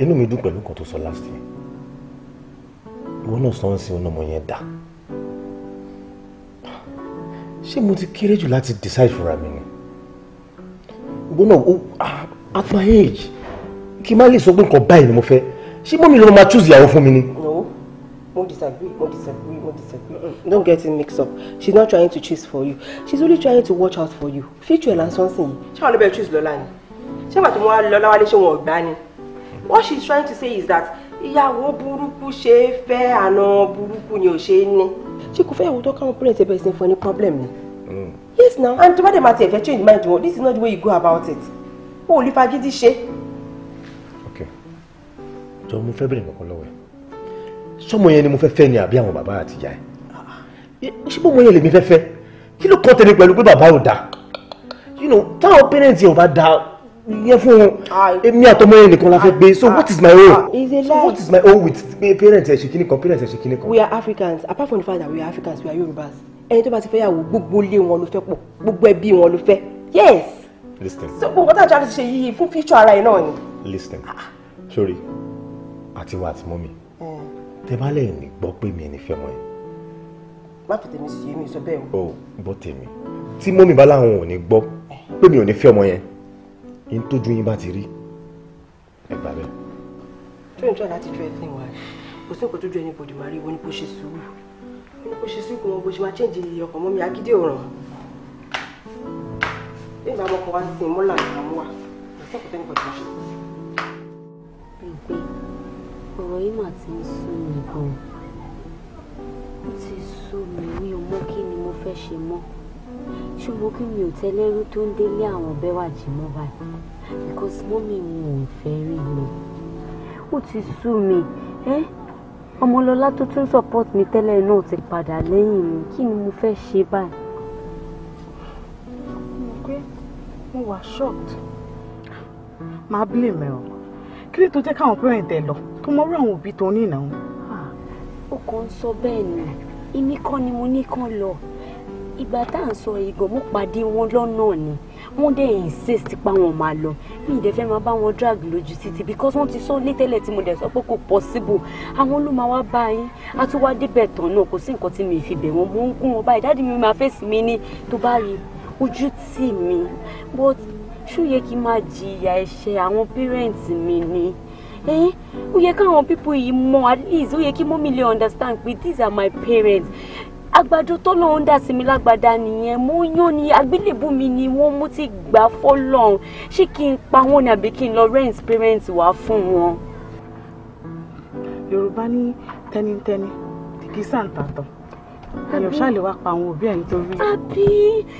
é. inú mi dùn pẹ̀lú nǹkan tó sọ last year ìwọ náà sọ ń sin ọmọ yẹn dà. Mm -hmm ṣé mo ti kéré jù láti decide for mi ni gbóná o ah, at my age kí n má lè sọ pé nǹkan báyìí ni mo fẹ́ ṣé mọ́mí ló máa choose ìyàwó fún mi ni. no mo disagree mo disagree mo disagree mm, don't get it mixed up she's not trying to choose for you she's only trying to watch out for you future ẹ̀ lásán sìn yìí ṣé àwọn olóbẹ̀rẹ̀ choose lọ́la ni ṣé àwọn àti wọn lọ́la wálé ṣé wọn ò ni what she's trying to say is that ìyàwó burúkú ṣe é fẹ́ àna burúkú ni ò ṣe é ní. ṣé kò fẹ́ ìwọ tó káwọn parents ẹ̀bẹ̀ sí fún ẹ ní problem ni. Hmm. yes now and tó bá dé máa tiẹ̀ fẹ́ change mind wọn this is not the way you go about it. o ò lè fagídí ṣe. ok jọ mo fẹ́ bẹ̀rẹ̀ nǹkan lọ́wọ́ ẹ̀ sọmọ yẹn ni mo fẹ́ fẹ́ ni àbí àwọn bàbá àtìyá ẹ̀ ah, ah. ṣé bó mo yẹn lèmi fẹ́ fẹ́ kí ló kàn tẹ̀lé pẹ̀lú pé bàbá ò dáa you know táwọn parents yẹn ò bá dáa yẹ fún wọn èmi àtọmọ yẹn nìkan la fẹ́ gbé so what is my own ah, so what is my own with parents ẹ̀ ṣe kíní kan parents ẹ̀ ṣe kíní kan. we are Africans apart from the fact that we are Africans we are Yorùbás ẹni tó bá ti fẹ́ yàwó gbogbo ilé wọn ló fẹ́ pọ̀ gbogbo ẹbí wọn ló fẹ́ yes. listen so gbogbo tá a jọ àti ṣe yìí fún future ara ẹ náà ni. listen sorry àti wa àti mọ́ mi eh. tẹ bá lẹ́yìn ní gbọ́ pé mi ẹni fẹ́ wọn yẹn. má fi tèmi sí èmi sọ bẹ́ẹ̀ o. o oh, gbọ́ tèmi tí mọ́mi bá láwọn ò ní gbọ́ pé mi ò ní fẹ́ ọmọ yẹn n tójú yín bá ti rí ẹ gbà bẹ́ẹ̀. tó ń tọ́ láti ju ẹtí wa kò sí nǹkan tó ju ẹnibodè máa rí wo ni kò ṣe sùúrù wo ni kò ṣe sùúrù kò mọ bó ṣe máa chẹ́ǹjì ọkọ̀ mọ́ mi agídé ọ̀ràn bí ìgbà ọkọ̀ wa ti sìn mọ́là àmú wa kò sí nǹkan tó ní kò tó ṣe sùúrù. ọ̀rọ̀ yìí mà ti ń sún mi gan-an ó ti sún mi mi ò kí ni mo fẹ́ ṣe mọ́ ṣùgbọ́n kí mi ò tẹ́lẹ́rú tó ń délé àwọn bẹ́wàjì mọ́ báyìí because mọ́mí mi ò fẹ́ rí mi ó ti sú mi ọmọlọ́lá tó tún support mi tẹ́lẹ̀ náà ti padà lẹ́yìn mi kí ni mo fẹ́ ṣe báyìí. mo pé mo wà shocked. máa blame ẹ o kí ló tó jẹ́ káwọn parent ẹ lọ tó mọ́rú àwọn òbí tó ní ìnáwó. Ah, ó kàn ń sọ bẹ́ẹ̀ ni èmi kọ́ ni mo ní kàn lọ ìgbà tá à ń sọ ìgò mú pàdé wọn lọ́nà ni wọ́n dẹ̀ insist pa wọn máa lọ mi ì dẹ̀ fẹ́ máa bá wọn drag lójú títì because wọ́n ti sọ ní tẹ́lẹ̀ tí mo dẹ̀ sọ pé kò possible àwọn ló máa wá bá yín a tún wá débẹ̀ tán náà kò sí nǹkan tí mi ì fi bẹ̀ wọ́n mo ń gún wọn báyìí dáàdi mi máa fèsì mi ní tó bá rí ojú tì mí but ṣó yẹ kí n máa jìyà ẹ̀ṣẹ̀ àwọn pírẹ̀ǹtì mi ni eh ó yẹ káwọn pípọ̀ yìí mọ̀ at least ó yẹ kí mọ́mí lè understand pé these are my parents àgbàdo tó lóun dá sí mi lágbàdá nìyẹn mo yán ni agbélébù mi ni wọ́n mú ti gbà fọ́lọ́run ṣé kí n pa wọ́n ni àbí kí n lọ rent parent wá fún wọn. yorùbá ní tẹnitẹni kìkì sàǹtàtàn ẹ̀yọ̀ ṣáà lè wá pa àwọn òbí ẹ̀ nítorí. tàbí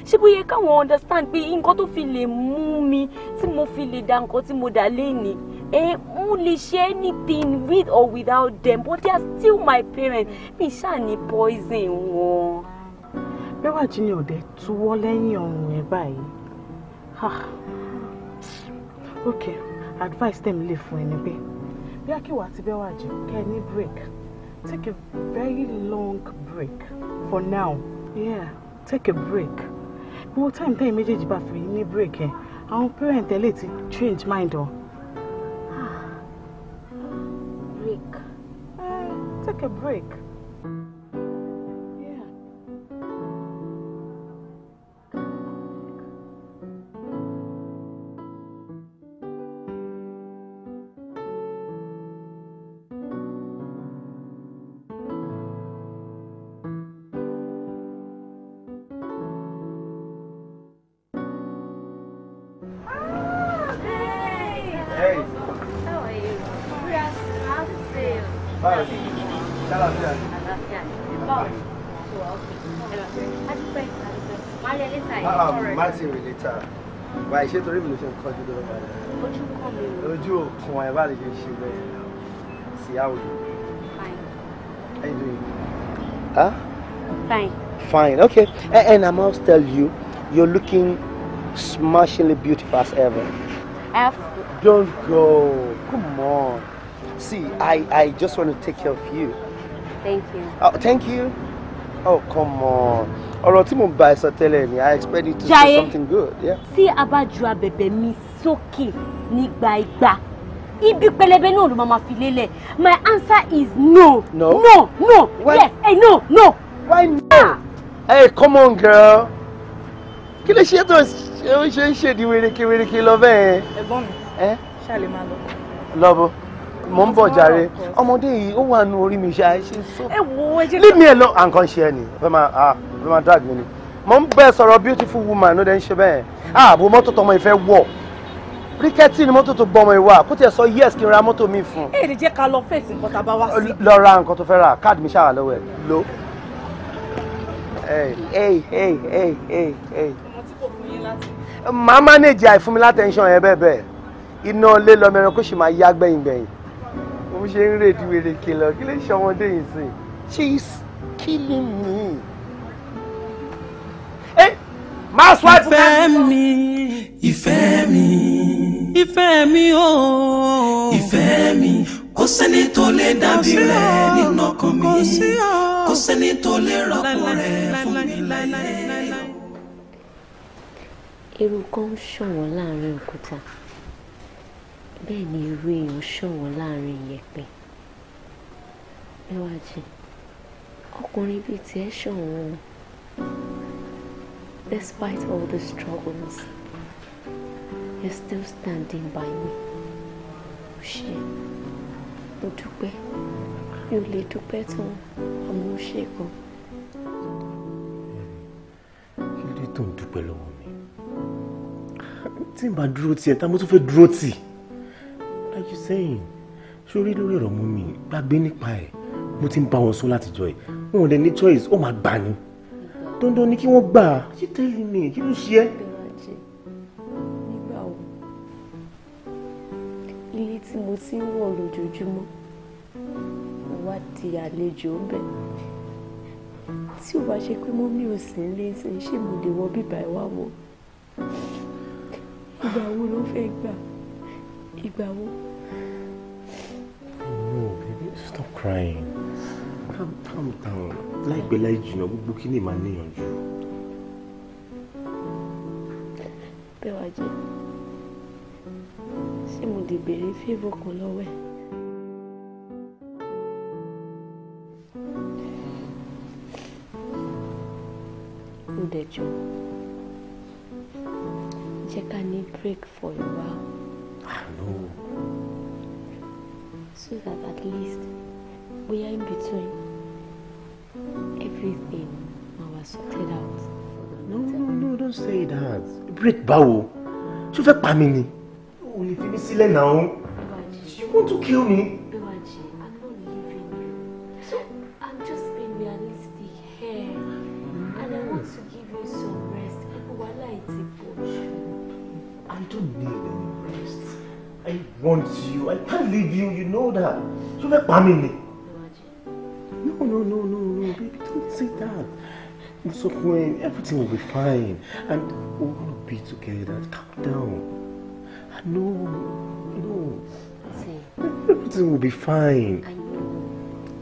ṣé bó káwọn understand pé nǹkan tó fi lè mú mi tí mo fi lè da nǹkan tí mo dà léèní ẹ mo lè ṣe anything with or without them but they are still my parents mi ṣáà ní poison wọn. Bẹ́wàjí ni òde túwọ́ lẹ́yìn ọ̀run ẹ̀ báyìí. ok advice tẹ̀mí lè fún ẹni pé bí akíwà àti Bẹ́wàjí kẹ́ ẹ ní break. Take a very long break for now. Yeah, take a break. what time tẹ́yìn méjèèjì bá fi Need break yẹn, àwọn parent ẹ̀ it change mind o. Ah, break. Uh, take a break. ṣe how you doing? Huh? fine. fine okay eh, and I must tell you you're looking smashingly beautiful as ever. I don't go come on see I I just want to take care of you. thank you. Oh, thank you oh come on ọ̀rọ̀ tí mo buy ẹ sọ tẹ́lẹ̀ i expect you to Jaye, say something good. Yeah. See about ju baby, mi sókè nígbà ìgbà ibi pẹlẹbẹ náà ló máa ma fi my answer is no no no, no. Why? yes hey, no no. why no ah. hey come on girl kí ló ṣe tó ṣe ń ṣe di wérekewéreke lọ bẹ́ẹ̀. ẹ̀gbọ́n Eh. Eh. lè máa lọ. lọ bó mo ń bọ̀ jàre ọmọdé yìí ó wà nù orí mi ṣá ṣe so. leave me alone and nǹkan share ẹ nì fẹ́ drag mi ni mo ń bẹ sọ̀rọ̀ beautiful woman ló dé ń ṣe bẹ́ẹ̀ ààbò mọ́tò tọmọ ìfẹ́ wọ̀ ríkẹ́tì ni mọ́tò tó gbọ́ ọmọ ìwà kó tiẹ̀ sọ yes kí n ra mọ́tò mi fún. ẹ lè jẹ́ ká lọ fẹ̀sì nǹkan tá a bá wá sí. lọ ra nǹkan tó fẹ́ ra káàdì mi ṣàwà lọ́wọ́ ẹ̀ lo. màá mánéèjì àìfúnmi látẹ̀ńṣán yẹn bẹ́ẹ̀ bẹ́ẹ̀ iná lé lọ́mọ ẹran kó sì máa yá gbẹ̀yìn gbẹ̀yìn bó ṣe ń rèdí wèrè kìlọ̀ kí lè ṣe ọmọdé yìí sí. she is killing me. ẹ máa sọ àti. ìfẹ́ mi ìfẹ́ mi. ìfẹ́ mi o. ìfẹ́ mi kò sẹ́ni tó lè dàbí rẹ̀ nínú ọkàn mi kò sẹ́ni tó lè rọ́pò rẹ̀ fún mi láyé. eruku ń ṣọ̀wọ́ láàrin òkúta bẹ́ẹ̀ ni irú èèyàn ṣọ̀wọ́n láàrin ìyẹ̀pẹ̀ Bẹ́wàjí ọkùnrin bíi tiẹ̀ ṣọ̀wọ́n despite all the struggles you're still standing by me o ṣé mo dúpẹ́ mi ò lè dúpẹ́ tán àmọ́ ó ṣe gan. kí ló dé tó ń dúpẹ́ lọ́wọ́ mi tí n bá dúró tiẹ̀ tá mo tún fẹ́ dúró tì í are you saying? sórí lórí ọ̀rọ̀ mú mi gbàgbé nípa ẹ̀ mo ti ń bá wọn sọ látijọ́ ẹ̀ wọn ò lè ní choice ó máa gbà ni dandan ni kí wọ́n gbà á ṣé tẹ́lẹ̀ mi kí ló ṣe ẹ́. nígbà wo ilé tí mo ti ń wọ̀ lójoojúmọ́ mo wá di àlejò ńbẹ̀ tí ò bá ṣe pé mo mi ò sí nílé ṣe ṣé mo lè wọ bíbá ẹ wá wọ ìgbà wo ló fẹ́ gbà ìgbà wo stop crying calm calm down láìpẹ́ láì you gbogbo kí ni màá níyànjú. on you. jẹ́ ṣé mo lè béèrè fíìmù kan lọ́wọ́ ẹ̀. ó dẹ̀ jọ break for a while. I know. so that at least. We are in between everything ma wa sorted out. no no no! don't say that break báwo ṣó fẹ́ pa mí ni o lè fi mí sílẹ̀ you want to kill me. I'm not leaving you. So I'm just being realistic here. And I want to give you some rest. Wàhálà ìtì pọ̀ I don't need any rest. I want you. I can't leave you. You know that. Ṣó fẹ́ pa mí mo sọ everything will be fine and we will be together calm down i know i everything will be fine i know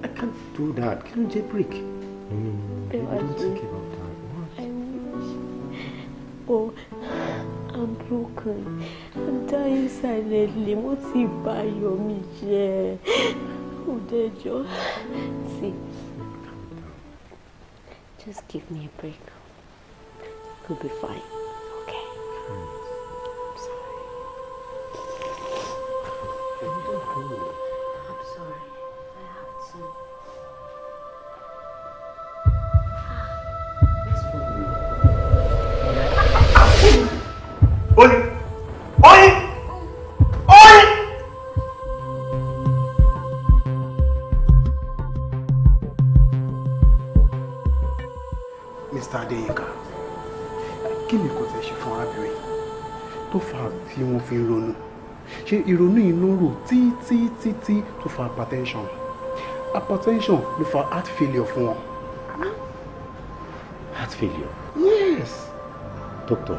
i can't do that Can you ń break no no no no i don't think about that What? i wish oh i'm broken i'm dying silently mo ti bà ayọ̀ mi jẹ́ òdẹjọ́ sí see? Just give me a break. We'll be fine. Okay. Hmm. I'm sorry. ṣe ìrònú yìí ló ń rò títí títí tó fa hypertension hypertension ló fa heart failure fún wọn. heart failure. yes. doctor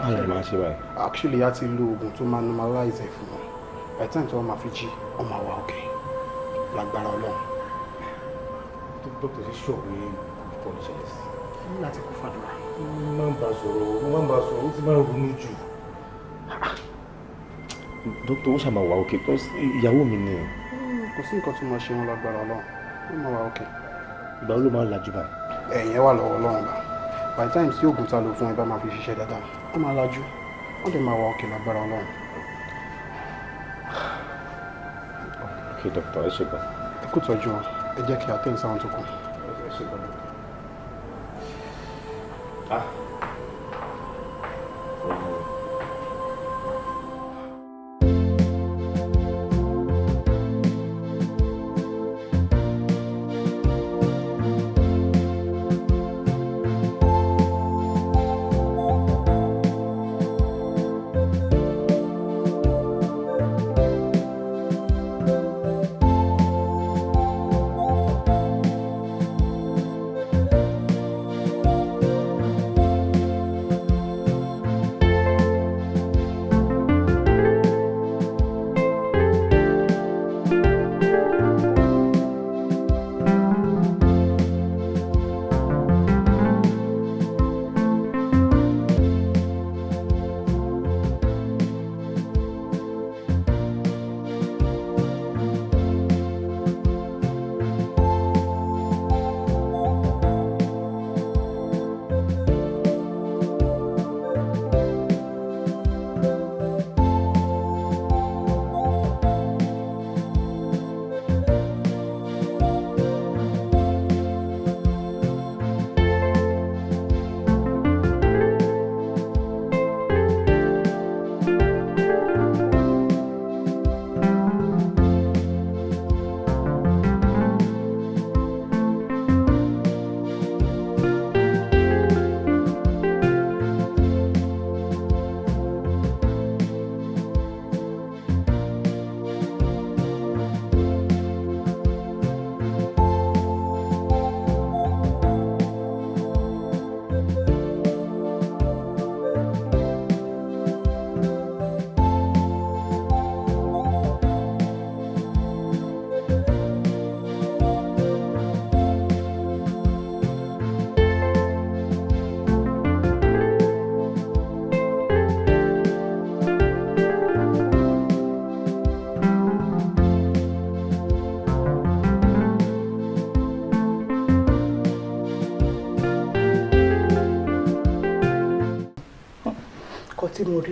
báwo ni màá ṣe báyìí. actually a ti lo oògùn tó máa normalize ẹ fún wọn by the time tí wọn máa fi jí wọn máa wà òkè lágbára Ọlọ́run. doctor ṣe ṣọ́ọ̀bù ní kò kọ́ ní ṣẹlẹ̀ sí. láti kó fàdúrà. mo máa ń bá sọ̀rọ̀ mo máa ń bá sọ̀rọ̀ ó ti máa ń ronú jù dókítà ó ṣàmà wà òkè plus ìyàwó mi ni. kò sí nǹkan tí mo ṣe wọn lágbára Ọlọ́run ó máa wà òkè. ìgbà wo ló máa lajú báyìí. ẹ̀yìn ẹ wà lọ́wọ́ Ọlọ́run bá by the time tí oògùn ta ló fún ẹ bá máa fi ṣiṣẹ́ dáadáa ó máa lajú ó lè máa wà òkè lágbára Ọlọ́run. ok Dr. ẹ ṣe gbà. ẹ kò tọ́jú wọn ẹ jẹ́ kí atẹ́yìn sáwọn tó kù. ẹ ṣe gbà. ah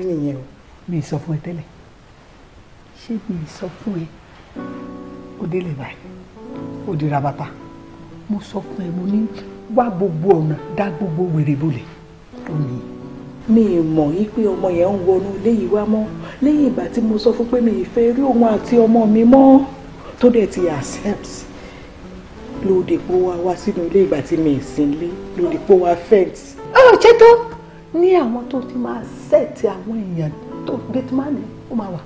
rí nìyẹn o. mi ì sọ fún ẹ tẹ́lẹ̀ ṣé mi ì sọ fún ẹ ó délé báyìí ó dira bàtà mo sọ fún ẹ mo ní wá gbogbo ọ̀nà dá gbogbo wèrè bolẹ̀ tó nìyẹn mi ì mọ̀ yí pé ọmọ yẹn ń wọnú ilé wá mọ́ lẹ́yìn ìgbà tí mo sọ fún pé mi ì rí òun àti ọmọ mi mọ́ tó dẹ̀ ti accept lóde pé wá wá sínú ilé ìgbà tí mi ì sí ilé lóde pé wá fẹ́ǹtì. ó ah, ṣètò ní àwọn tó ti máa sẹ́ẹ̀tì àwọn èèyàn tó gẹ́tìmánì ó máa wà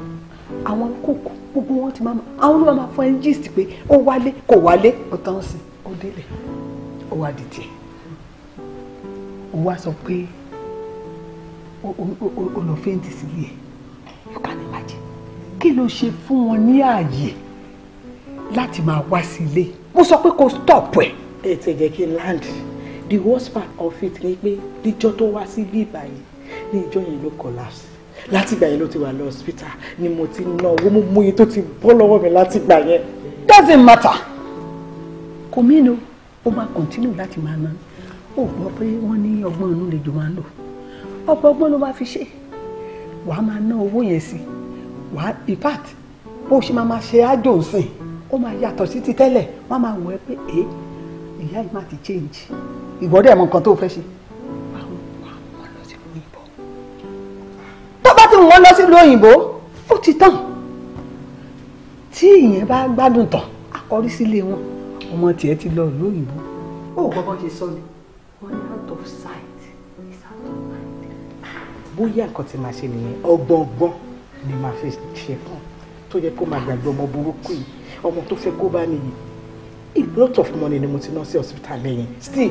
àwọn kókó gbogbo wọn ti máa àwọn ló máa fọ ẹ́ gist pé ó wálé kò wálé ọ̀tán sí ó délẹ̀ ó wá dìde ó wá sọ pé ó lọ fẹ́ǹtì sílé ẹ̀ you can imagine kí ló ṣe fún wọn ní ààyè láti máa wá sílé mo sọ pé kò stop ẹ̀. ètò ìjẹ́ kí n láǹdì the worst part of it ni pé níjọ́ tó wá sí bí ìbàyẹn ní ìjọ́ yẹn ló collapse látìgbà yẹn ló ti wà lọ hospital ni mo ti ná owó mo mú iye tó ti bọ́ lọ́wọ́ mi látìgbà yẹn doesn't matter. kò mínú ó máa continue láti máa ná ó gbọ́ pé wọ́n ní ọgbọ́n inú lè jò máa ń lò ọ̀pọ̀ ọgbọ́n ló máa fi ṣe wàá máa ná owó yẹn sí wàá in fact bó ṣe máa máa ṣe ájò ń ó máa yàtọ̀ sí ti tẹ́lẹ̀ wọ́n máa wọ̀ ẹ́ pé èé ìyá yìí má ti change ìgbọ́dẹ̀ mọ nǹkan tó fẹ́ ṣe. tó bá ti wọ́n lọ sílùú òyìnbó ó ti tán tí ìyẹn bá gbádùn tán akọrí sílé wọn ọmọ tiẹ̀ ti lọ ìlú òyìnbó ó gbọ́dọ̀ ṣe sọ ni wọ́n out of sight is out of mind. bóyá nǹkan tí màá ṣe nìyẹn ọgbọ̀ngbọ̀n ni màá fi ṣe fún tó yẹ kó máa gbàgbé ọmọ burúkú yìí ọmọ tó fẹ́ kó bá nìyí a lot of money ni mo ti ná sí hospital lẹ́yìn still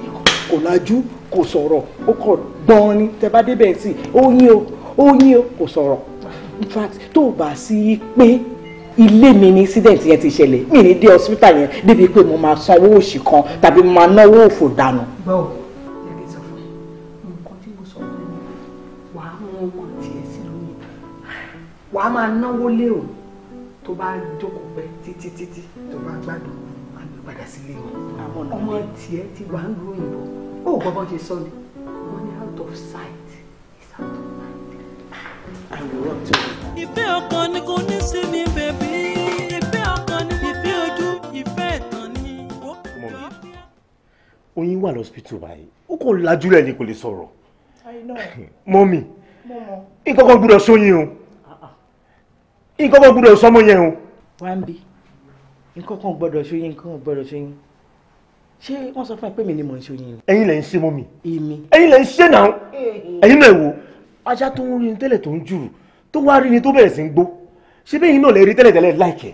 kò lajú kò sọ̀rọ̀ ó kọ̀ gbọ́n ni tẹ bá débẹ̀ sí ó o ó o kò sọ̀rọ̀ in fact tó o bá sí pé ilé mi ni incident yẹn ti ṣẹlẹ̀ mi ní dé hospital yẹn débi pé mo máa sanwó òṣì kan tàbí mo máa náwó òfò dànù. wàá máa náwó lé o tó bá jókòó pẹ́ títí títí tó bá gbádùn padà sílé wọn ọmọ tiẹ̀ ti wà ń lu òyìnbó ó gbọ́dọ̀ ṣe sọ ni wọ́n ní out of sight is out of mind. ìfẹ́ ọkàn ni kò ní sí mi bèbí ìfẹ́ ọkàn ni ìfẹ́ ojú ìfẹ́ ẹ̀tàn ni. oyin wà lọ́sibítù báyìí ó kò lajú rẹ̀ ni kò lè sọ̀rọ̀ mọ́mì nǹkan kan gbúdọ̀ sóyin o ah, ah. nǹkan kan gbúdọ̀ sọmọ yẹn o nǹkan kan gbọ́dọ̀ ṣóyin nǹkan kan gbọ́dọ̀ ṣóyin ṣé wọ́n sọ fún ẹ pé mi ni mò ń ṣóyin ni. ẹ̀yin lẹ ń ṣe mọ mi. èmi. ẹ̀yin lẹ ń ṣe náà ẹ̀yin náà wo ajá tó ń rí ni tẹ́lẹ̀ tó ń jùrù tó wá rí ni tó bẹ̀rẹ̀ sí ń gbó ṣé bẹ́ẹ̀ yín náà lè rí tẹ́lẹ̀ tẹ́lẹ̀ láìkẹ́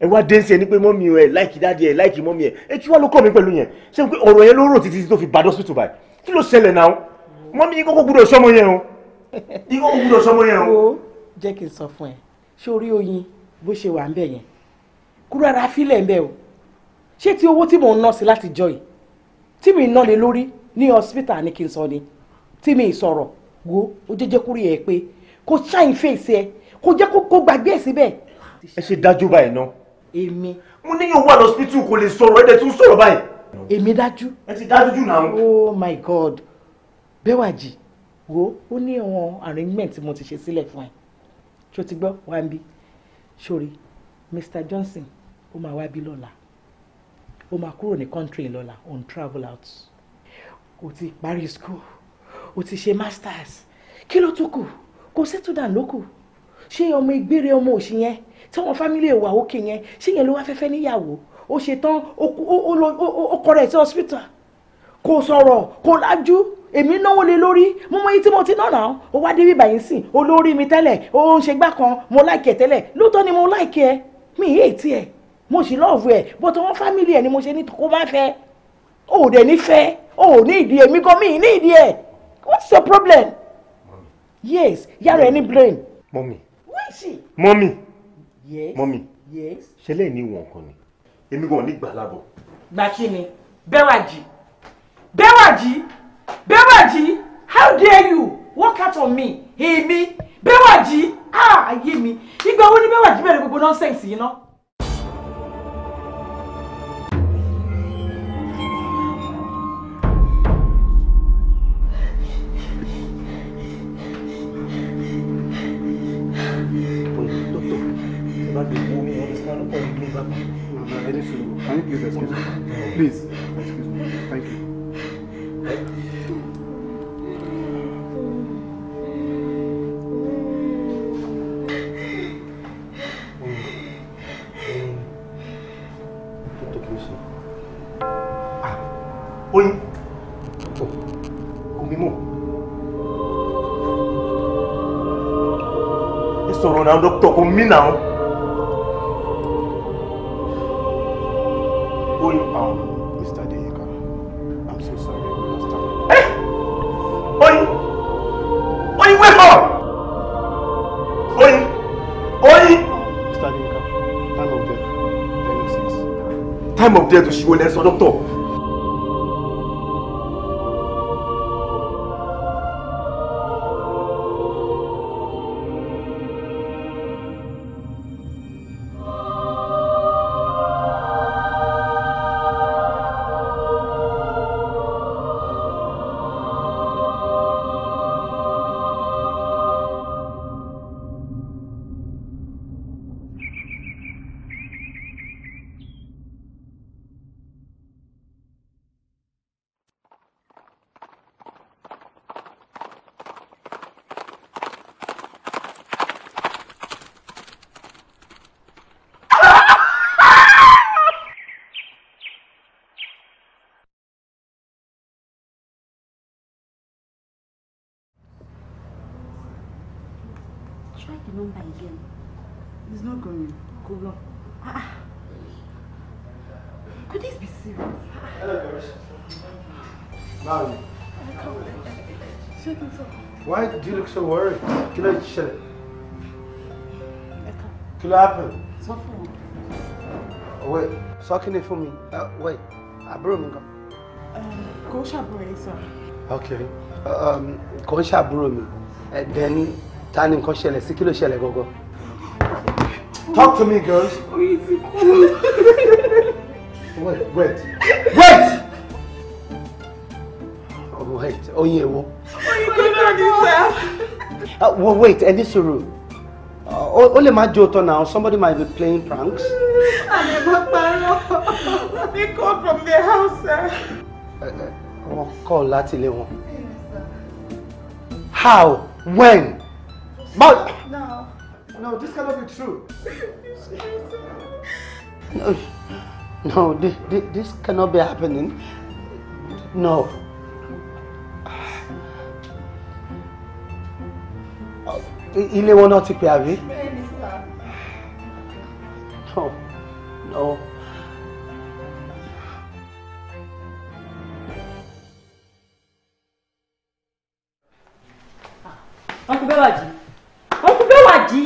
ẹ wá dé ń sẹ ní pé mọ́mí ẹ láìkí dáadé ẹ láìkí mọ́mí ẹ ẹ kí wá ló kọ́ mi pẹ̀lú yẹn ṣé pé ọ̀rọ̀ yẹn ló rò títí tó fi bàdọ́ sùtù báyìí kí ló ṣẹlẹ̀ náà mọ́mí yín kọ́kọ́ gbúdọ̀ sọmọ yẹn o yín kọ́kọ́ gbúdọ̀ sọmọ yẹn o. jẹ́ kí n sọ fún ẹ bó ṣe wà ń bẹ̀ yẹn kúrò ara fílẹ̀ ń bẹ̀ o ṣé ti owó tí mò ń ná sí láti jọ yìí tí mi ná lé lórí ní hospital ni kí n sọ ni tí mi sọ̀rọ̀ wo ó jẹ́jẹ́ kúrò yẹ pé kò ṣáìn fèsì ẹ kò jẹ́ kó gbàgbé ẹ̀ síbẹ̀. ẹ ṣe dájú báyìí náà. èmi. mo ní yóò wà lọ́sibítù kò lè sọ̀rọ̀ ẹ̀dẹ̀ tún sọ̀rọ̀ báyìí. èmi dájú. ẹ ti dájú jù náà. oh my god bẹ́wàjì wo ó ní àwọn arrangement tí mo ti ṣe sílẹ̀ fún ẹ ṣó Mr Johnson ó máa wá bí lọ́la ó máa kúrò ní country lọ́la on travel out ó ti parí school ó ti ṣe masters kí ló tún kù kò settle down ló kù ṣé ọmọ ìgbére ọmọ òṣì yẹn tí wọn family wà òkè yẹn ṣé yẹn ló wá fẹ́fẹ́ níyàwó ó ṣe tán ó kọ rẹ̀ sí hospital kò sọ̀rọ̀ kò lájú èmi náwó lé lórí mo mọ iye tí mo ti náà náà ó wá débi báyìí sìn olórí mi tẹ́lẹ̀ ó ń ṣe gbá kan mo láìkẹ́ tẹ́lẹ̀ lóòótọ́ ni mo láìkẹ́ mi ì yé ètí ẹ̀ mo sì lọ́ọ̀fù ẹ̀ bó tó wọ́n fámìlì ẹ̀ ni mo ṣe ní kó má fẹ́ o ò dẹ̀ ní fẹ́ o ò ní ìdí èmi gan mi ní ìdí ẹ̀ what's your problem? yes yàrá ẹ ní brain. mọ́mì. where is she? mọ́mì. yes mọ́mì. yes. ṣe lẹ́yìn ní ìwọ̀n kan ni èmi gan ò ní gbà lábọ̀. gbà kí ni bẹ́wàjì bẹ́wàjì bẹ́wàjì how dare you walk out on me èmi bẹ́wàjì ah ayé mi ìgbà wo ni bẹ́wàjì bẹ̀rẹ̀ gbogbo nonsense yìí náà. dẹ̀ tó ṣíwọ́ lẹ́sọ̀ dọ́tọ̀ ṣe wọ́rì kí ló ṣẹlẹ̀ kí ló happen. sọ fún mi. òwe it for me. fún mi òwe àbúrò mi gan. kò ṣàbúrò yìí sọ. ok kò ṣàbúrò mi ẹ̀dẹ́ni ta ni nǹkan ṣẹlẹ̀ sí kí ló ṣẹlẹ̀ gangan. Talk to me, girls. wait, wait, wait! Wait! Oh, yeah, Oyin Ah, well, wait ẹ ní sùúrù ó lè má now somebody might be playing pranks. àmì bá parọ́ they call from the house. Eh, eh, wọ́n kọ́ láti ilé wọn. how when. But, no. No, this cannot be true. no, no this, this cannot be happening. No. ilé wọn náà ti pè àbí. no no. ọkùnrin bẹ́ẹ̀ wà jí ọkùnrin bẹ́ẹ̀ wà jí.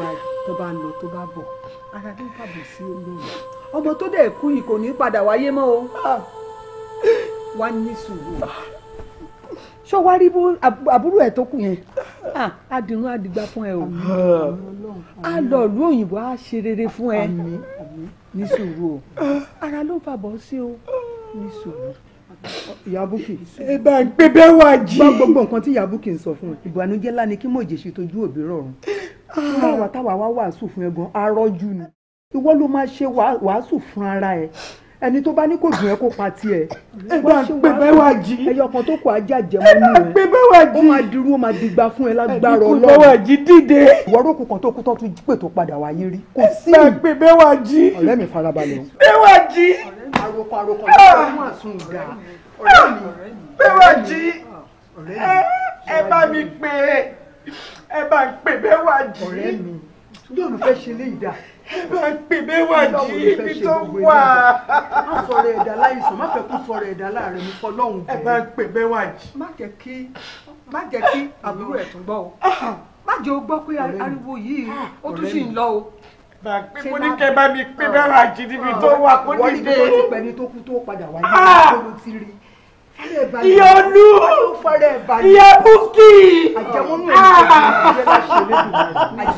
báyìí tó bá lọ tó bá bọ̀ ara ló bàbọ̀ sí olóòrùn ọmọ tó dẹ̀ kú yìí kò ní padà wáyé mọ́ o wá ní sùúrù. ṣó wá rí àbúrò ẹ̀ tó kù yẹn adìrún adìgbà fún ẹ o a lọ ìlú òyìnbó a ṣe rere fún ẹ ní sùúrù o ara ló bàbọ̀ sí o ní sùúrù yabuki. ìbá gbẹbẹ wá jí. gbọ́ gbogbo nǹkan tí yabuki ń sọ fún un ìbànújẹ́ lá ni kí mòjèṣe tójú òbí rọrùn fúnra wa táwa wá wàásù fún ẹ gan arọ́jú ni ìwọ ló máa ṣe wàásù fún ara ẹ ẹni tó bá ní kò dùn ẹ kó pa tiẹ̀. ẹ gbà pé bẹ́ẹ̀ wá jí. ẹyọ ọkàn tó kọ ajá jẹmọ ní rẹ. pé bẹ́ẹ̀ wá jí. ó máa dirú ó máa digba fún ẹ lágbára Ọlọ́run. ẹni kò bẹ́ẹ̀ wá jí dìde. ìwọ rókù kan tó kú tó tún pè tó padà wáyé rí. kò sí. ẹ gbà pé jí. ọ̀rẹ́ mi farabalẹ̀ o. bẹ́ẹ̀ jí. àròkọ àròkọ ló fẹ́ jí. ẹ bá mi pè é ẹ bá ń pè bẹ́ẹ̀ wá jí. ọ̀rẹ́ mi yóò lù fẹ́ ṣe léyìí dá. ẹ bá ń pè bẹ́ẹ̀ wá jí ibi tó wà. má sọ̀rọ̀ ẹ̀dá láìsàn má fẹ́ kó sọ̀rọ̀ ẹ̀dá láàrin mi kọ́ lọ́hùn bẹ́ẹ̀. ẹ bá ń pè bẹ́ẹ̀ wá jí. má jẹ́ kí má jẹ́ kí àbúrò ẹ̀ tún gbọ́ o ah. má jẹ́ o gbọ́ pé ah, ariwo yìí ó tún sì ń lọ o mo ní kẹ́ bá mi pé ah. bẹ́ẹ̀ wá jí níbi tó wà kó dìde. wọ́n ní kí wọ́n ti pẹ́ni tó kú tó padà wáyé yọnu yẹ búkì àjẹmọ́nú ẹ̀ ló máa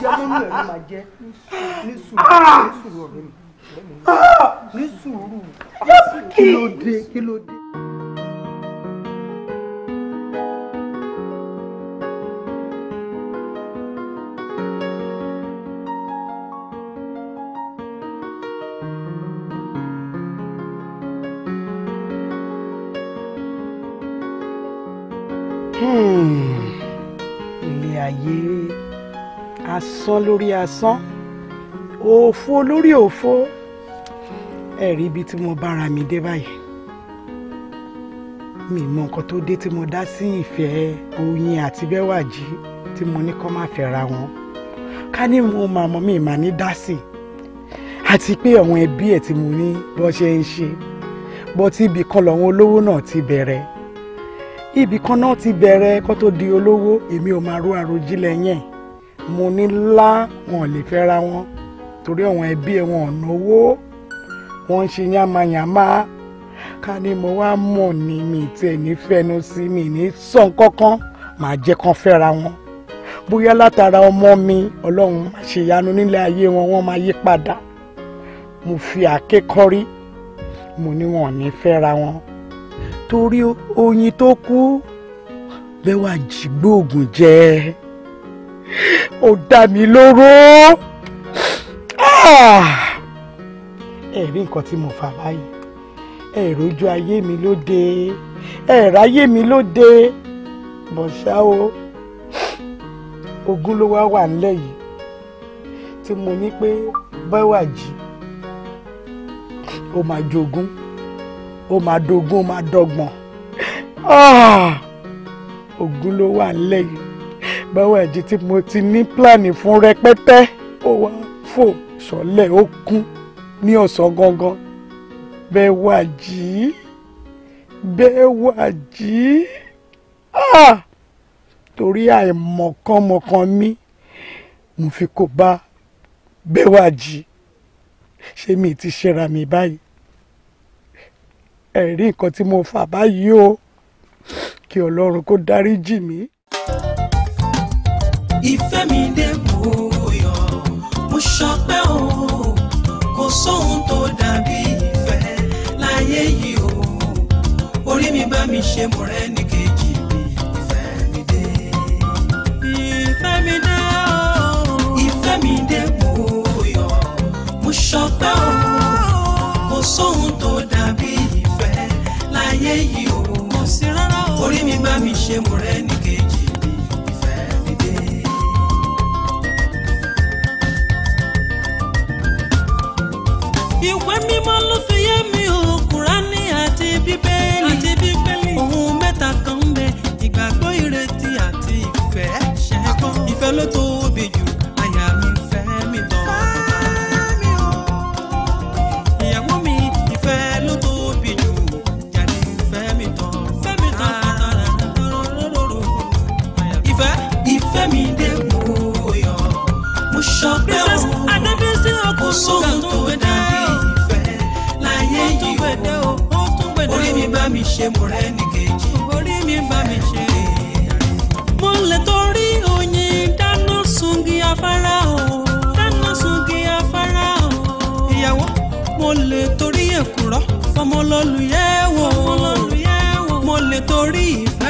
jẹ́ ní sùúrù ah. asán lórí asán òfo lórí òfo ẹ̀rí ibi tí mo bára mi dé báyìí mi mọ nǹkan tó dé tí mo dá sí ìfẹ́ Oyin àti Bẹ́wàjí tí mo ní kọ́ máa fẹ́ ra wọn ká ní mo máa mọ mi máa ní dá sí àti pé àwọn ẹbí ẹ̀ tí mo ní bó ṣe ń ṣe bó ti ibì kan lọ́wọ́ olówó náà ti bẹ̀rẹ̀ ibì kan náà ti bẹ̀rẹ̀ kó tó di olówó èmi ò máa rú àròjinlẹ̀ yẹn mo ní ńlá wọn ò lè fẹ́ ra wọn torí àwọn ẹbí ẹ wọn ò náwó wọn ń ṣe yánmayànmá ká ní mo wá mọ̀ ní mi tiẹ̀ ní fẹnu sí mi ní sàn kankan màá jẹ́ kán fẹ́ra wọn bóyá látara ọmọ mi ọlọ́run máa ṣe ìyanu nílé ayé wọn wọ́n máa yí padà mo fi àkékọ́rí mo ní wọn ò ní fẹ́ra wọn torí oyin tó kú lẹ́wà jígbóògùn jẹ́ ẹ́ ó dá mi lóró ah! ẹ̀rí nǹkan tí mo fà báyìí ẹ̀rójú ayé mi ló dé ẹ̀rá ayé mi ló dé bọ̀ṣá o ogún ló wá wà nílẹ̀ yìí tí mo ní pé báwà jì ó máa jogún ó máa dogún ó máa dọ́gbọ̀n ah! ogún ló wà nílẹ̀ yìí. Báwàjí tí mo ti ní pílànì fún rẹpẹtẹ ó wá fò sọlẹ̀ ó kún ní ọ̀sán gangan Bẹ́wàjí Bẹ́wàjí ah! torí àìmọ̀kànmọ̀kàn mi mo fi kò bá Bẹ́wàjí ṣé mi ti ṣera mi báyìí ẹ̀rí nǹkan tí mo fà báyìí o kí Ọlọ́run kó dáríjì mí ìfẹ́ mi dé bóyọ mo ṣọpẹ́ o kò sóhun tó dàbí ìfẹ́ láyé yìí o orí mi bá mi ṣe mo rẹ́ ní kejì mi ìfẹ́ mi dé. ìfẹ́ mi dé o. ìfẹ́ mi dé bóyọ mo ṣọpẹ́ o kò sóhun tó dàbí ìfẹ́ láyé yìí o orí mi bá mi ṣe mo rẹ́ ní kejì mi. ìwé mímọ́ ló fi yé mi o kùránì àti bíbélì àti bíbélì ohun mẹ́ta kan ń bẹ ìgbàgbọ́ ìrètí àti ìfẹ́ ṣẹ́gbọ́n ìfẹ́ ló tó. bá mi ṣe mo rẹ́ nìkejì orí mi bá mi ṣe. mo lè torí oyin dáná sungi afárá o dáná sungi afárá o. ìyàwó mo lè torí èkùrọ́ fọmọlọ́lù yẹ̀ wò mo lè torí ìfẹ́.